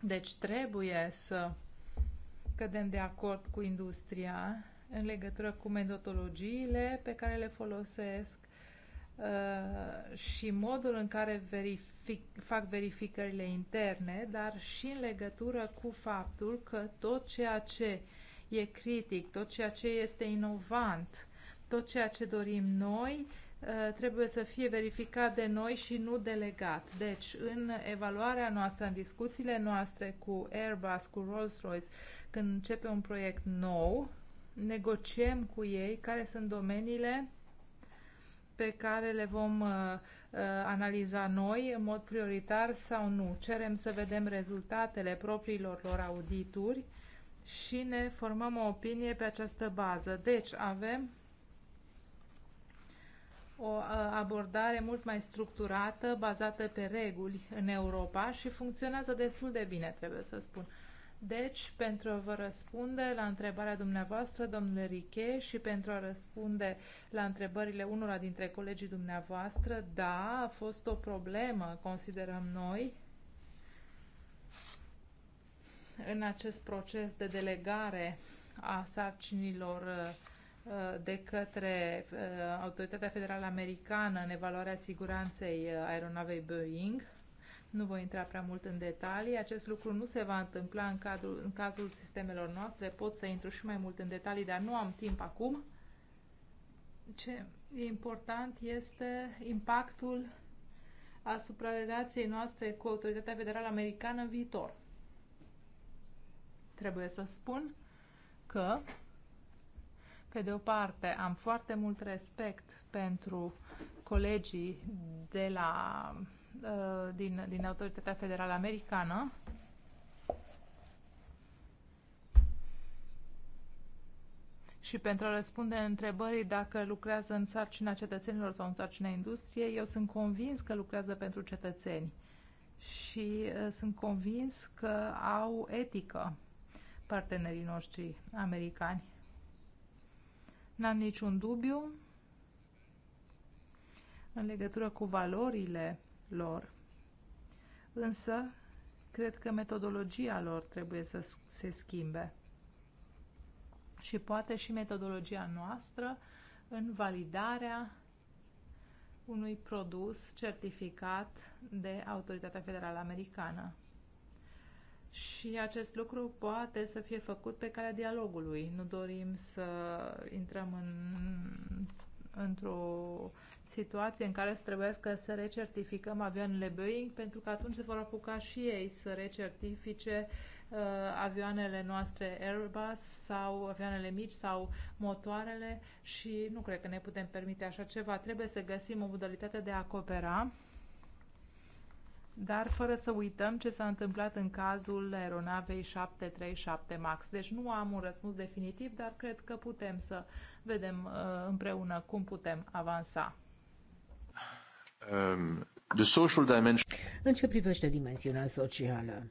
Deci trebuie să cădem de acord cu industria în legătură cu metodologiile pe care le folosesc, Uh, și modul în care verific, fac verificările interne, dar și în legătură cu faptul că tot ceea ce e critic, tot ceea ce este inovant, tot ceea ce dorim noi, uh, trebuie să fie verificat de noi și nu delegat. Deci, în evaluarea noastră, în discuțiile noastre cu Airbus, cu Rolls-Royce, când începe un proiect nou, negociem cu ei care sunt domeniile pe care le vom uh, uh, analiza noi în mod prioritar sau nu. Cerem să vedem rezultatele propriilor lor audituri și ne formăm o opinie pe această bază. Deci avem o uh, abordare mult mai structurată, bazată pe reguli în Europa și funcționează destul de bine, trebuie să spun. Deci, pentru a vă răspunde la întrebarea dumneavoastră, domnule Riche, și pentru a răspunde la întrebările unora dintre colegii dumneavoastră, da, a fost o problemă, considerăm noi, în acest proces de delegare a sarcinilor uh, uh, de către uh, Autoritatea Federală Americană în evaluarea siguranței aeronavei Boeing nu voi intra prea mult în detalii. Acest lucru nu se va întâmpla în, cadrul, în cazul sistemelor noastre. Pot să intru și mai mult în detalii, dar nu am timp acum. Ce e important este impactul asupra relației noastre cu Autoritatea Federală Americană în viitor. Trebuie să spun că, pe de o parte, am foarte mult respect pentru colegii de la Uh, din, din Autoritatea Federală Americană. Și pentru a răspunde întrebării dacă lucrează în sarcina cetățenilor sau în sarcina industriei, eu sunt convins că lucrează pentru cetățeni și uh, sunt convins că au etică partenerii noștri americani. N-am niciun dubiu în legătură cu valorile lor. Însă, cred că metodologia lor trebuie să se schimbe. Și poate și metodologia noastră în validarea unui produs certificat de Autoritatea Federală Americană. Și acest lucru poate să fie făcut pe calea dialogului. Nu dorim să intrăm în într-o situație în care să trebuiască să recertificăm avioanele Boeing, pentru că atunci se vor apuca și ei să recertifice uh, avioanele noastre Airbus sau avioanele mici sau motoarele și nu cred că ne putem permite așa ceva. Trebuie să găsim o modalitate de a coopera dar fără să uităm ce s-a întâmplat în cazul aeronavei 737 MAX. Deci nu am un răspuns definitiv, dar cred că putem să vedem uh, împreună cum putem avansa. Um, the social dimension... În ce privește dimensiunea socială?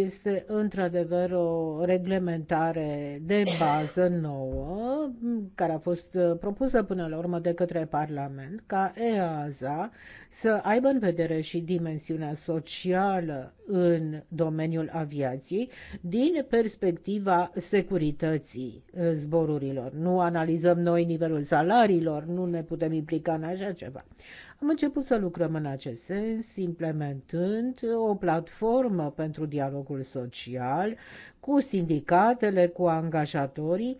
este într-adevăr o reglementare de bază nouă care a fost propusă până la urmă de către Parlament ca EASA să aibă în vedere și dimensiunea socială în domeniul aviației din perspectiva securității zborurilor. Nu analizăm noi nivelul salariilor, nu ne putem implica în așa ceva. Am început să lucrăm în acest sens, implementând o platformă pentru dialogul social cu sindicatele, cu angajatorii,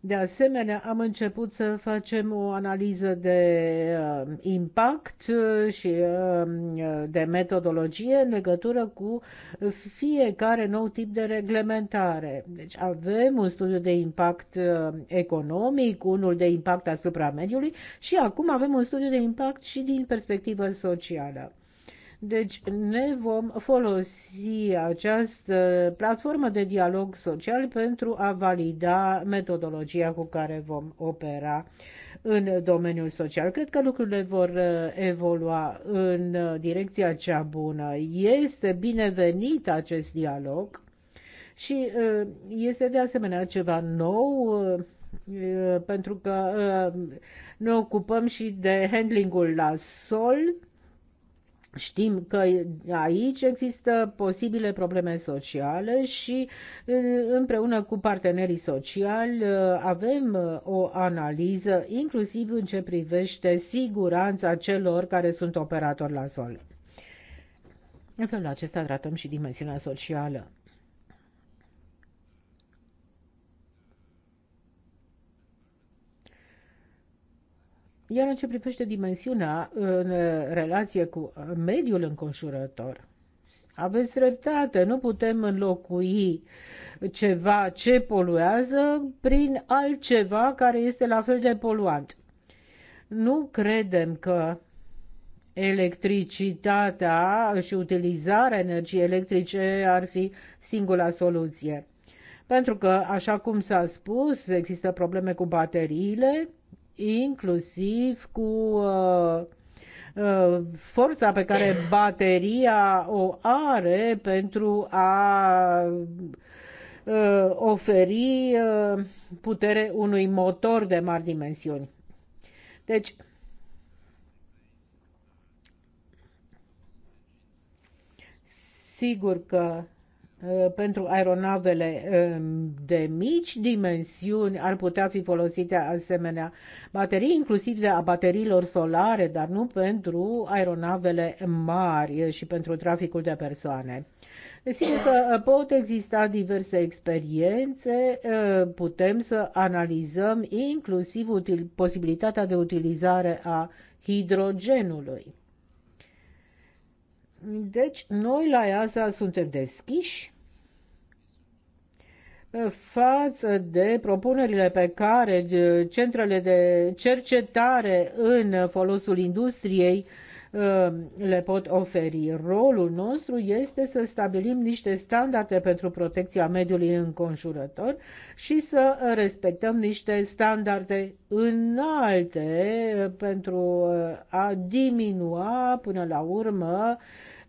de asemenea, am început să facem o analiză de uh, impact uh, și uh, uh, de metodologie în legătură cu fiecare nou tip de reglementare. Deci avem un studiu de impact uh, economic, unul de impact asupra mediului și acum avem un studiu de impact și din perspectivă socială. Deci ne vom folosi această platformă de dialog social pentru a valida metodologia cu care vom opera în domeniul social. Cred că lucrurile vor uh, evolua în uh, direcția cea bună. Este binevenit acest dialog și uh, este de asemenea ceva nou pentru că ne ocupăm și de handlingul la sol Știm că aici există posibile probleme sociale și împreună cu partenerii sociali avem o analiză inclusiv în ce privește siguranța celor care sunt operatori la sol. În felul acesta tratăm și dimensiunea socială. Iar în ce privește dimensiunea în relație cu mediul înconjurător, aveți dreptate, nu putem înlocui ceva ce poluează prin altceva care este la fel de poluant. Nu credem că electricitatea și utilizarea energiei electrice ar fi singura soluție. Pentru că, așa cum s-a spus, există probleme cu bateriile, inclusiv cu uh, uh, forța pe care bateria o are pentru a uh, oferi putere unui motor de mari dimensiuni. Deci, sigur că Uh, pentru aeronavele um, de mici dimensiuni ar putea fi folosite asemenea baterii, inclusiv de a bateriilor solare, dar nu pentru aeronavele mari uh, și pentru traficul de persoane. Desigur că uh, pot exista diverse experiențe, putem să analizăm inclusiv posibilitatea de utilizare a hidrogenului. Deci, noi la EASA suntem deschiși eh, față de propunerile pe care eh, centrele de cercetare în folosul industriei eh, le pot oferi. Rolul nostru este să stabilim niște standarde pentru protecția mediului înconjurător și să respectăm niște standarde înalte pentru a diminua până la urmă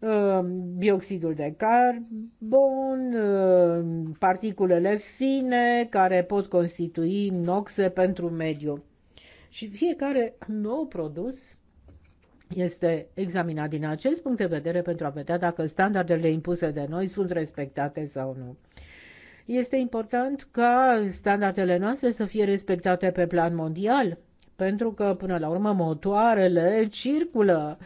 Uh, bioxidul de carbon, uh, particulele fine care pot constitui noxe pentru mediu. Și fiecare nou produs este examinat din acest punct de vedere pentru a vedea dacă standardele impuse de noi sunt respectate sau nu. Este important ca standardele noastre să fie respectate pe plan mondial, pentru că, până la urmă, motoarele circulă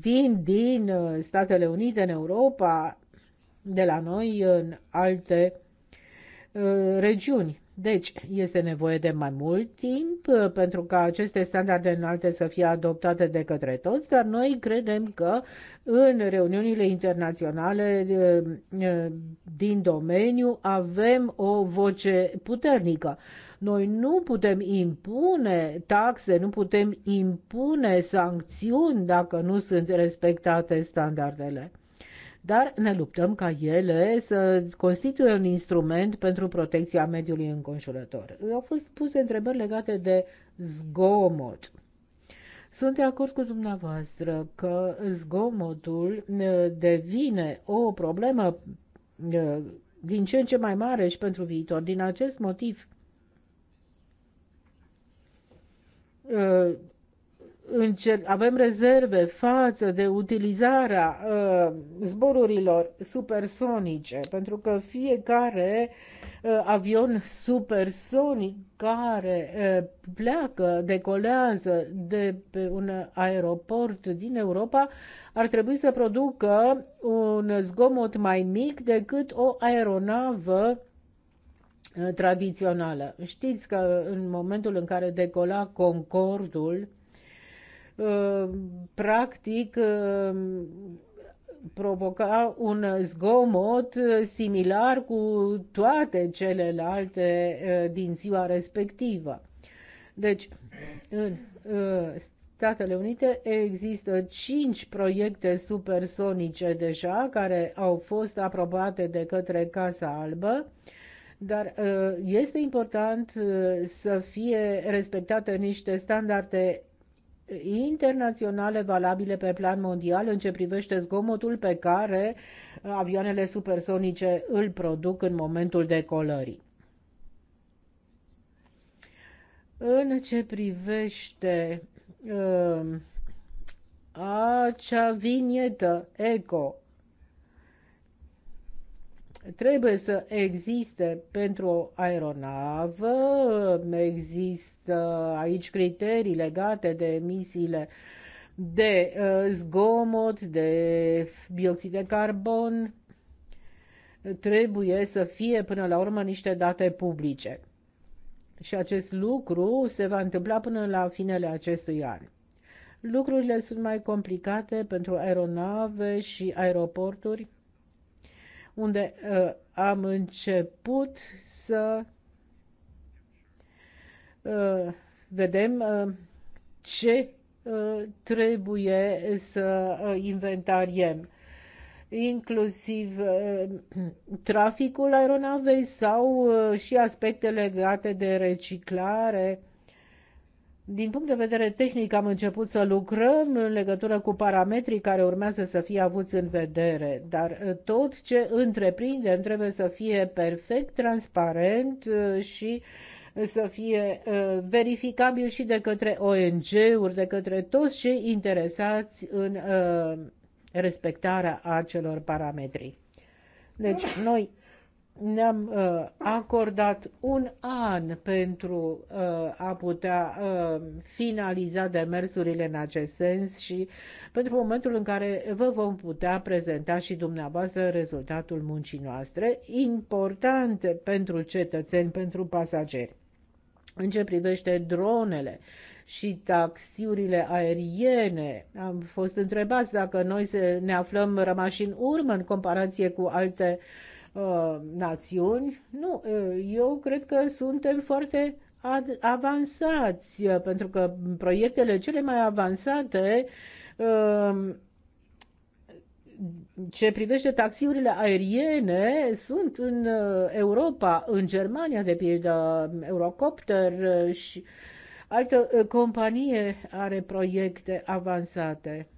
vin din uh, Statele Unite în Europa, de la noi în alte uh, regiuni. Deci, este nevoie de mai mult timp uh, pentru ca aceste standarde înalte să fie adoptate de către toți, dar noi credem că în reuniunile internaționale din domeniu avem o voce puternică. Noi nu putem impune taxe, nu putem impune sancțiuni dacă nu sunt respectate standardele dar ne luptăm ca ele să constituie un instrument pentru protecția mediului înconjurător. Au fost puse întrebări legate de zgomot. Sunt de acord cu dumneavoastră că zgomotul devine o problemă din ce în ce mai mare și pentru viitor. Din acest motiv, Uh, avem rezerve față de utilizarea uh, zborurilor supersonice, pentru că fiecare uh, avion supersonic care pleacă, decolează de pe un aeroport din Europa, ar trebui să producă un zgomot mai mic decât o aeronavă Uh, tradițională. Știți că în momentul în care decola Concordul, uh, practic uh, provoca un zgomot similar cu toate celelalte din ziua respectivă. Deci, în Statele Unite există cinci proiecte supersonice deja care au fost aprobate de către Casa Albă. Dar uh, este important uh, să fie respectate niște standarde internaționale valabile pe plan mondial în ce privește zgomotul pe care uh, avioanele supersonice îl produc în momentul decolării. În ce privește uh, acea vinietă eco trebuie să existe pentru o aeronavă, există aici criterii legate de emisiile de uh, zgomot, de dioxid de carbon, trebuie să fie până la urmă niște date publice. Și acest lucru se va întâmpla până la finele acestui an. Lucrurile sunt mai complicate pentru aeronave și aeroporturi unde uh, am început să uh, vedem uh, ce trebuie să inventariem inclusiv traficul aeronavei sau și aspecte legate de reciclare din punct de vedere tehnic am început să lucrăm în legătură cu parametrii care urmează să fie avuți în vedere, dar uh, tot ce întreprindem trebuie să fie perfect transparent uh, și uh, să fie verificabil și de către ONG-uri, de către toți cei interesați în respectarea acelor parametri. Deci da. noi ne-am uh, acordat un an pentru uh, a putea uh, finaliza demersurile în acest sens și pentru momentul în care vă vom putea prezenta și dumneavoastră rezultatul muncii noastre, important pentru cetățeni, pentru pasageri. În ce privește dronele și taxiurile aeriene, am fost întrebați dacă noi ne aflăm rămași în urmă în comparație cu alte uh, Uh, națiuni. Nu, uh, eu cred că suntem foarte avansați, uh, pentru că proiectele cele mai avansate ce privește taxiurile aeriene, sunt în Europa, în Germania, de pildă, Eurocopter și altă companie are proiecte avansate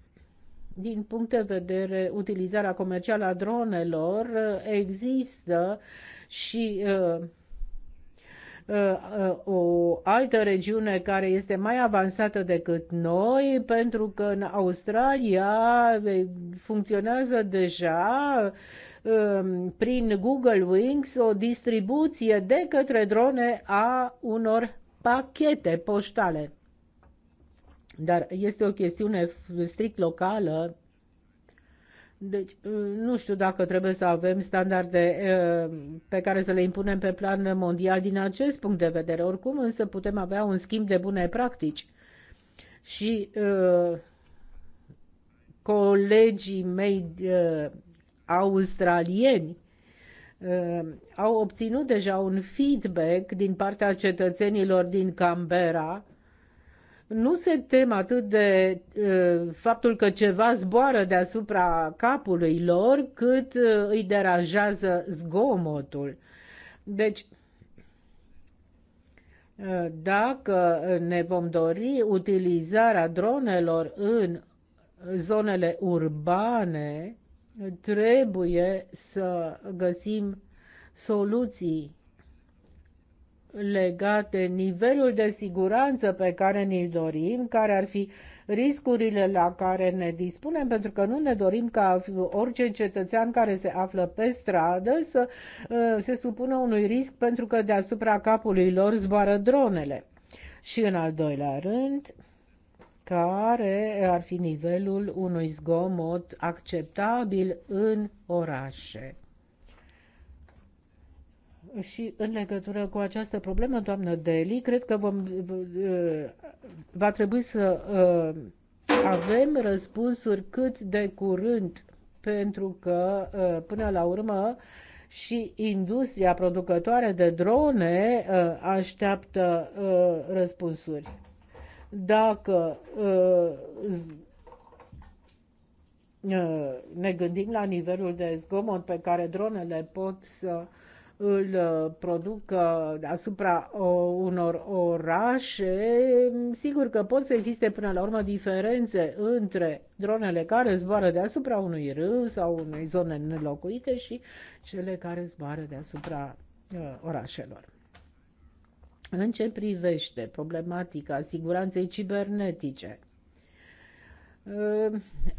din punct de vedere utilizarea comercială a dronelor, există și uh, uh, uh, o altă regiune care este mai avansată decât noi, pentru că în Australia eh, funcționează deja um, prin Google Wings o distribuție de către drone a unor pachete poștale. Dar este o chestiune strict locală. Deci, uh, nu știu dacă trebuie să avem standarde uh, pe care să le impunem pe plan mondial din acest punct de vedere. Oricum, însă, putem avea un schimb de bune practici. Și uh, colegii mei australieni au obținut deja un feedback din partea cetățenilor din Canberra nu se tem atât de uh, faptul că ceva zboară deasupra capului lor, cât uh, îi deranjează zgomotul. Deci, dacă ne vom dori utilizarea dronelor în zonele urbane, trebuie să găsim soluții legat de nivelul de siguranță pe care ni-l dorim, care ar fi riscurile la care ne dispunem, pentru că nu ne dorim ca orice cetățean care se află pe stradă să uh, se supună unui risc pentru că deasupra capului lor zboară dronele. Și în al doilea rând, care ar fi nivelul unui zgomot acceptabil în orașe și în legătură cu această problemă, doamnă Deli, cred că vom, uh, va trebui să uh, avem răspunsuri cât de curând, pentru că uh, până la urmă și industria producătoare de drone așteaptă răspunsuri. Dacă ne gândim la nivelul de zgomot pe care dronele pot să uh, îl uh, produc uh, asupra uh, unor orașe, sigur că pot să existe până la urmă diferențe între dronele care zboară deasupra unui râu sau unei zone nelocuite și cele care zboară deasupra orașelor. În ce privește problematica siguranței cibernetice, Ă,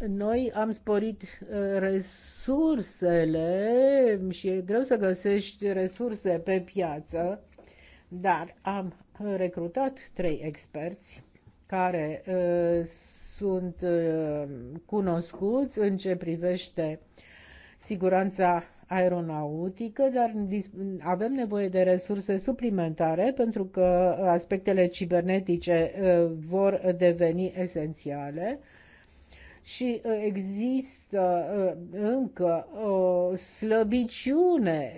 noi am sporit ă, resursele și e greu să găsești resurse pe piață, dar am recrutat trei experți care ă, sunt cunoscuți în ce privește siguranța aeronautică, dar avem nevoie de resurse suplimentare pentru că aspectele cibernetice vor deveni esențiale și uh, există uh, încă o uh, slăbiciune,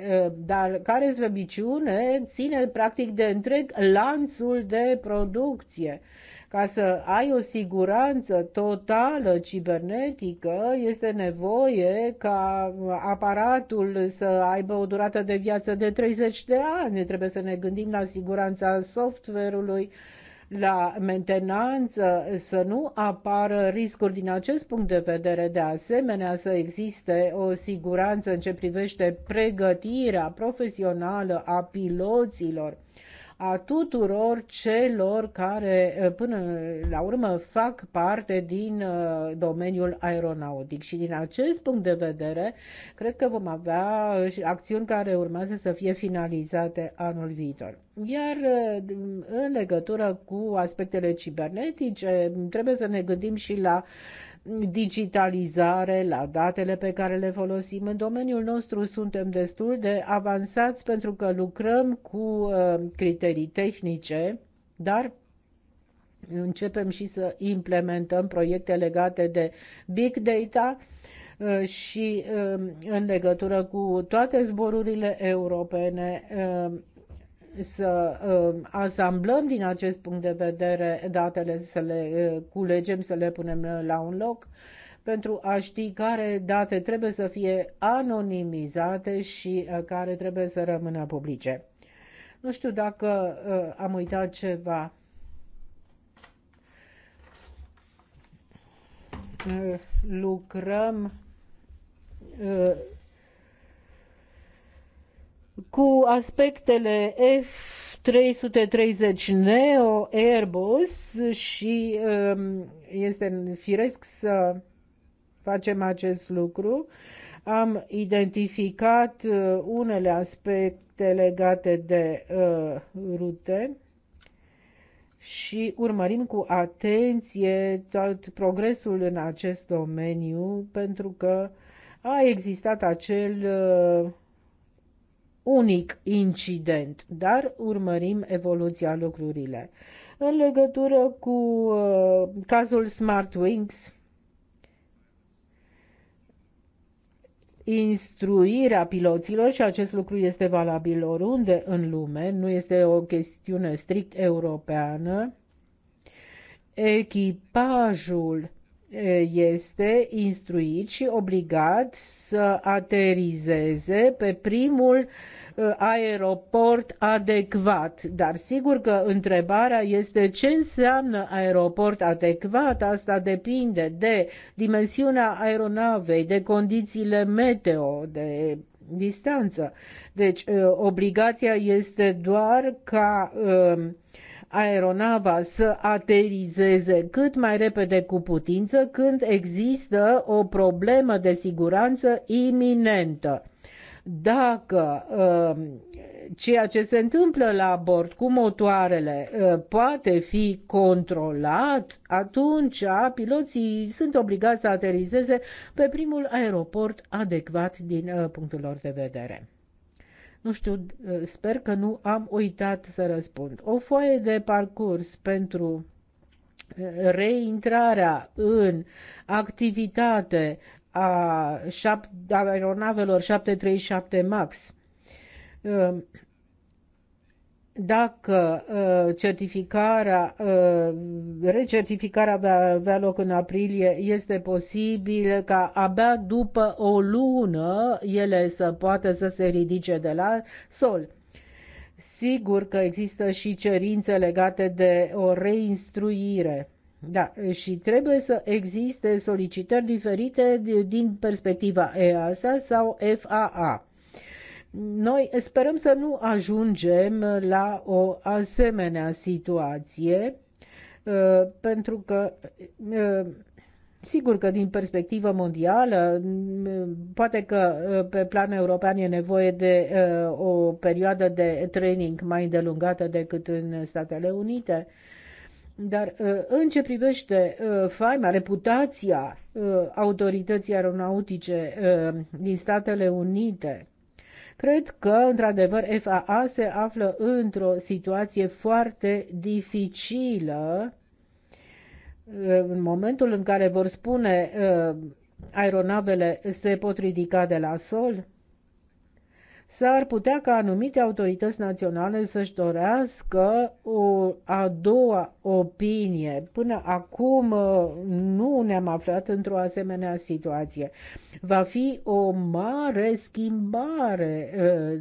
dar care slăbiciune ține practic de întreg lanțul de producție. Ca să ai o siguranță totală cibernetică, este nevoie ca aparatul să aibă o durată de viață de 30 de ani. Trebuie să ne gândim la siguranța software-ului, la mentenanță, să nu apară riscuri din acest punct de vedere. De asemenea, să existe o siguranță în ce privește pregătirea profesională a piloților a tuturor celor care eh, până la urmă fac parte din eh, domeniul aeronautic. Și din acest punct de vedere, cred că vom avea eh, acțiuni care urmează să fie finalizate anul viitor. Iar în legătură cu aspectele cibernetice, trebuie să ne gândim și la digitalizare, la datele pe care le folosim. În domeniul nostru suntem destul de avansați pentru că lucrăm cu uh, criterii tehnice, dar începem și să implementăm proiecte legate de big data uh, și uh, în legătură cu toate zborurile europene să uh, asamblăm din acest punct de vedere datele, să le uh, culegem, să le punem uh, la un loc, pentru a ști care date trebuie să fie anonimizate și care trebuie să rămână publice. Nu știu dacă am uitat ceva. lucrăm cu aspectele F-330 Neo Airbus și um, este firesc să facem acest lucru. Am identificat uh, unele aspecte legate de uh, rute și urmărim cu atenție tot progresul în acest domeniu pentru că a existat acel uh, unic incident, dar urmărim evoluția lucrurile. În legătură cu uh, cazul Wings, instruirea piloților și acest lucru este valabil oriunde în lume, nu este o chestiune strict europeană. Echipajul este instruit și obligat să aterizeze pe primul uh, aeroport adecvat. Dar sigur că întrebarea este ce înseamnă aeroport adecvat. Asta depinde de dimensiunea aeronavei, de condițiile meteo, de distanță. Deci uh, obligația este doar ca uh, aeronava să aterizeze cât mai repede cu putință când există o problemă de siguranță iminentă. Dacă uh, ceea ce se întâmplă la bord cu motoarele uh, poate fi controlat, atunci piloții sunt obligați să aterizeze pe primul aeroport adecvat din uh, punctul lor de vedere. Nu știu, uh, sper că nu am uitat să răspund. O foaie de parcurs pentru uh, reintrarea în activitate a aeronavelor 737 MAX uh, dacă uh, certificarea, uh, recertificarea va avea loc în aprilie, este posibil ca abia după o lună ele să poată să se ridice de la sol. Sigur că există și cerințe legate de o reinstruire. Da, și trebuie să existe solicitări diferite din perspectiva EASA sau FAA. Noi sperăm să nu ajungem la o asemenea situație, uh, pentru că uh, Sigur că din perspectivă mondială, uh, poate că pe plan european e nevoie de o perioadă de training mai îndelungată decât în Statele Unite, dar în ce privește faima, reputația autorității aeronautice din Statele Unite, Cred că, într-adevăr, FAA se află într-o situație foarte dificilă în momentul în care vor spune uh, aeronavele se pot ridica de la sol s-ar putea ca anumite autorități naționale să-și dorească o a doua opinie. Până acum uh, nu ne-am aflat într-o asemenea situație. Va fi o mare schimbare uh,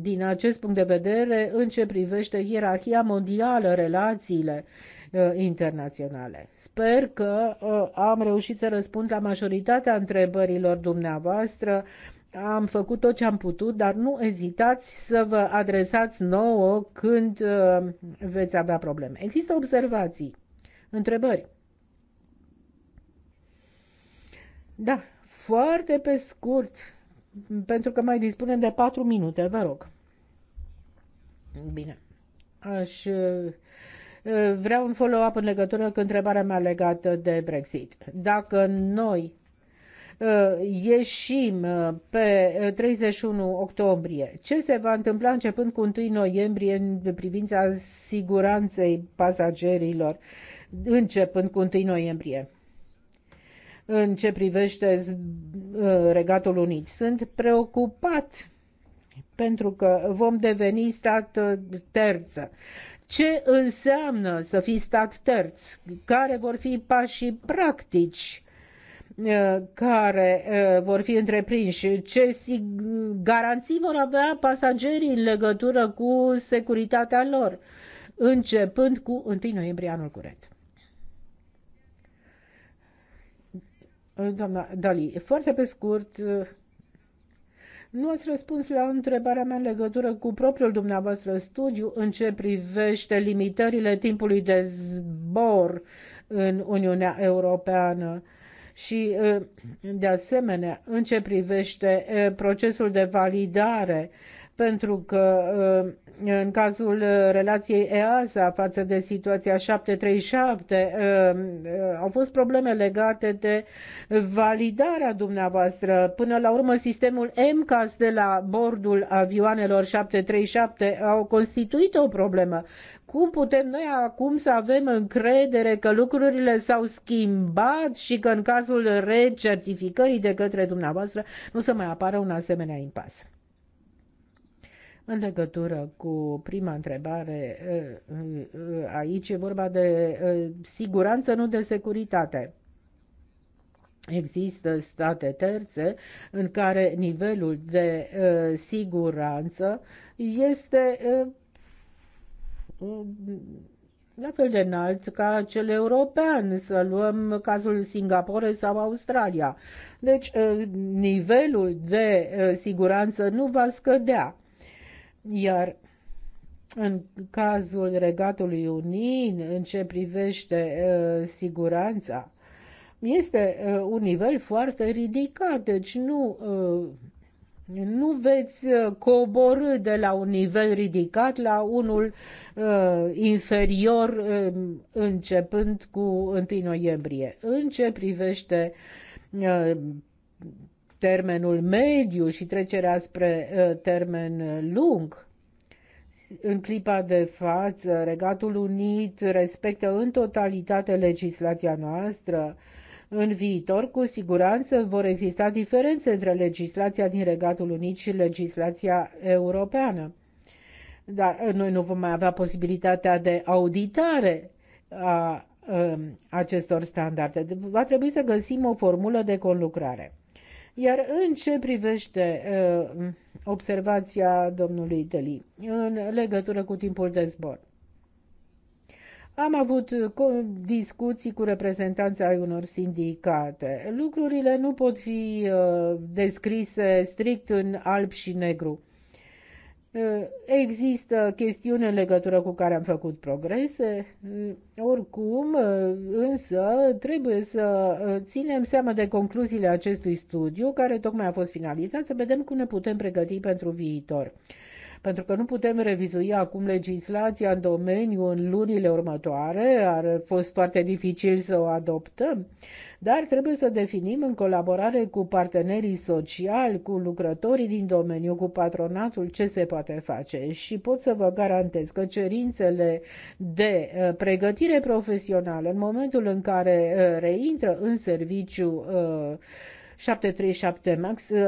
din acest punct de vedere în ce privește ierarhia mondială, relațiile uh, internaționale. Sper că am reușit să răspund la majoritatea întrebărilor dumneavoastră. Am făcut tot ce am putut, dar nu ezitați să vă adresați nouă când uh, veți avea probleme. Există observații, întrebări. Da, foarte pe scurt, pentru că mai dispunem de patru minute, vă rog. Bine. Aș uh, vrea un follow-up în legătură cu întrebarea mea legată de Brexit. Dacă noi Uh, ieșim uh, pe 31 uh, octombrie, ce se va întâmpla începând cu 1 noiembrie în privința siguranței pasagerilor, începând cu 1 noiembrie? În ce privește Regatul Unit, sunt preocupat pentru că vom deveni stat terță. Ce înseamnă să fii stat terț? Care vor fi pașii practici? Uh, care uh, vor fi întreprinși, ce garanții vor avea pasagerii în legătură cu securitatea lor, începând cu 1 noiembrie anul curent. Uh, doamna Dali, foarte pe scurt, nu ați răspuns la întrebarea mea în legătură cu propriul dumneavoastră studiu în ce privește limitările timpului de zbor în Uniunea Europeană și de asemenea în ce privește procesul de validare pentru că în cazul relației EASA față de situația 737 au fost probleme legate de validarea dumneavoastră. Până la urmă, sistemul MCAS de la bordul avioanelor 737 au constituit o problemă. Cum putem noi acum să avem încredere că lucrurile s-au schimbat și că în cazul recertificării de către dumneavoastră nu se mai apară un asemenea impas? În legătură cu prima întrebare, eh, aici e vorba de eh, siguranță, nu de securitate. Există state terțe în care nivelul de eh, siguranță este Mm, la fel de înalt ca cel european, să luăm cazul Singapore sau Australia. Deci uh, nivelul de uh, siguranță nu va scădea. Iar în cazul Regatului Unin, în ce privește uh, siguranța, este un nivel foarte ridicat, deci nu nu veți uh, coborâ de la un nivel ridicat la unul uh, inferior uh, începând cu 1 noiembrie. În ce privește uh, termenul mediu și trecerea spre uh, termen lung, în clipa de față, Regatul Unit respectă în totalitate legislația noastră, uh, în viitor, cu siguranță, vor exista diferențe între legislația din Regatul Unit și legislația europeană. Dar uh, noi nu vom mai avea posibilitatea de auditare a um, acestor standarde. Deci, va trebui să găsim o formulă de conlucrare. Iar în ce privește uh, observația domnului Deli în legătură cu timpul de zbor? Am avut uh, discuții cu reprezentanții ai unor sindicate. Lucrurile nu pot fi uh, descrise strict în alb și negru. Uh, există chestiuni în legătură cu care am făcut progrese, oricum, însă trebuie să ținem seama de concluziile acestui studiu, care tocmai a fost finalizat, să vedem cum ne putem pregăti pentru viitor. Pentru că nu putem revizui acum legislația în domeniu în lunile următoare, ar fost foarte dificil să o adoptăm, dar trebuie să definim în colaborare cu partenerii sociali, cu lucrătorii din domeniu, cu patronatul, ce se poate face. Și pot să vă garantez că cerințele de uh, pregătire profesională, în momentul în care uh, reintră în serviciu uh, 737 MAX uh,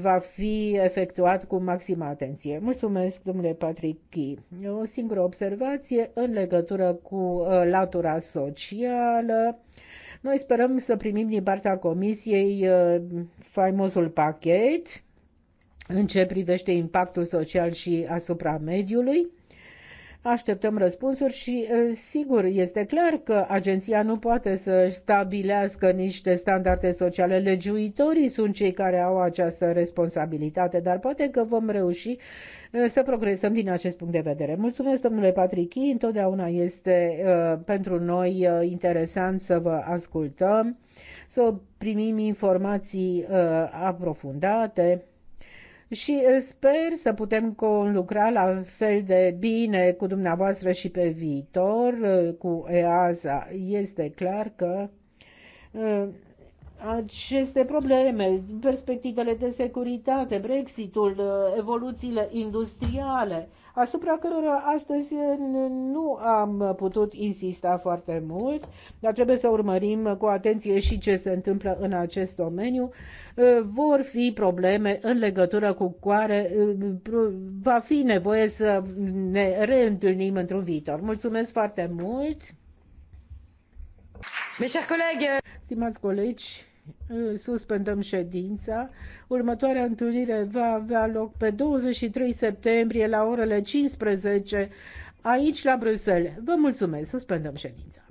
va fi efectuat cu maximă atenție. Mulțumesc, domnule Patrick Key. O singură observație în legătură cu uh, latura socială. Noi sperăm să primim din partea Comisiei uh, faimosul pachet în ce privește impactul social și asupra mediului Așteptăm răspunsuri și, uh, sigur, este clar că agenția nu poate să stabilească niște standarde sociale. Legiuitorii sunt cei care au această responsabilitate, dar poate că vom reuși uh, să progresăm din acest punct de vedere. Mulțumesc, domnule Patrichi, întotdeauna este uh, pentru noi interesant să vă ascultăm, să primim informații aprofundate și eh, sper să putem lucra la fel de bine cu dumneavoastră și pe viitor, eh, cu EASA. Este clar că eh, aceste probleme, perspectivele de securitate, Brexitul, evoluțiile industriale, asupra cărora astăzi eh, nu am putut insista foarte mult, dar trebuie să urmărim cu atenție și ce se întâmplă în acest domeniu. Eh, vor fi probleme în legătură cu care eh, va fi nevoie să ne reîntâlnim într-un viitor. Mulțumesc foarte mult! Mes chers collègues, stimați colegi, suspendăm ședința. Următoarea întâlnire va avea loc pe 23 septembrie la orele 15 aici la Bruxelles. Vă mulțumesc, suspendăm ședința.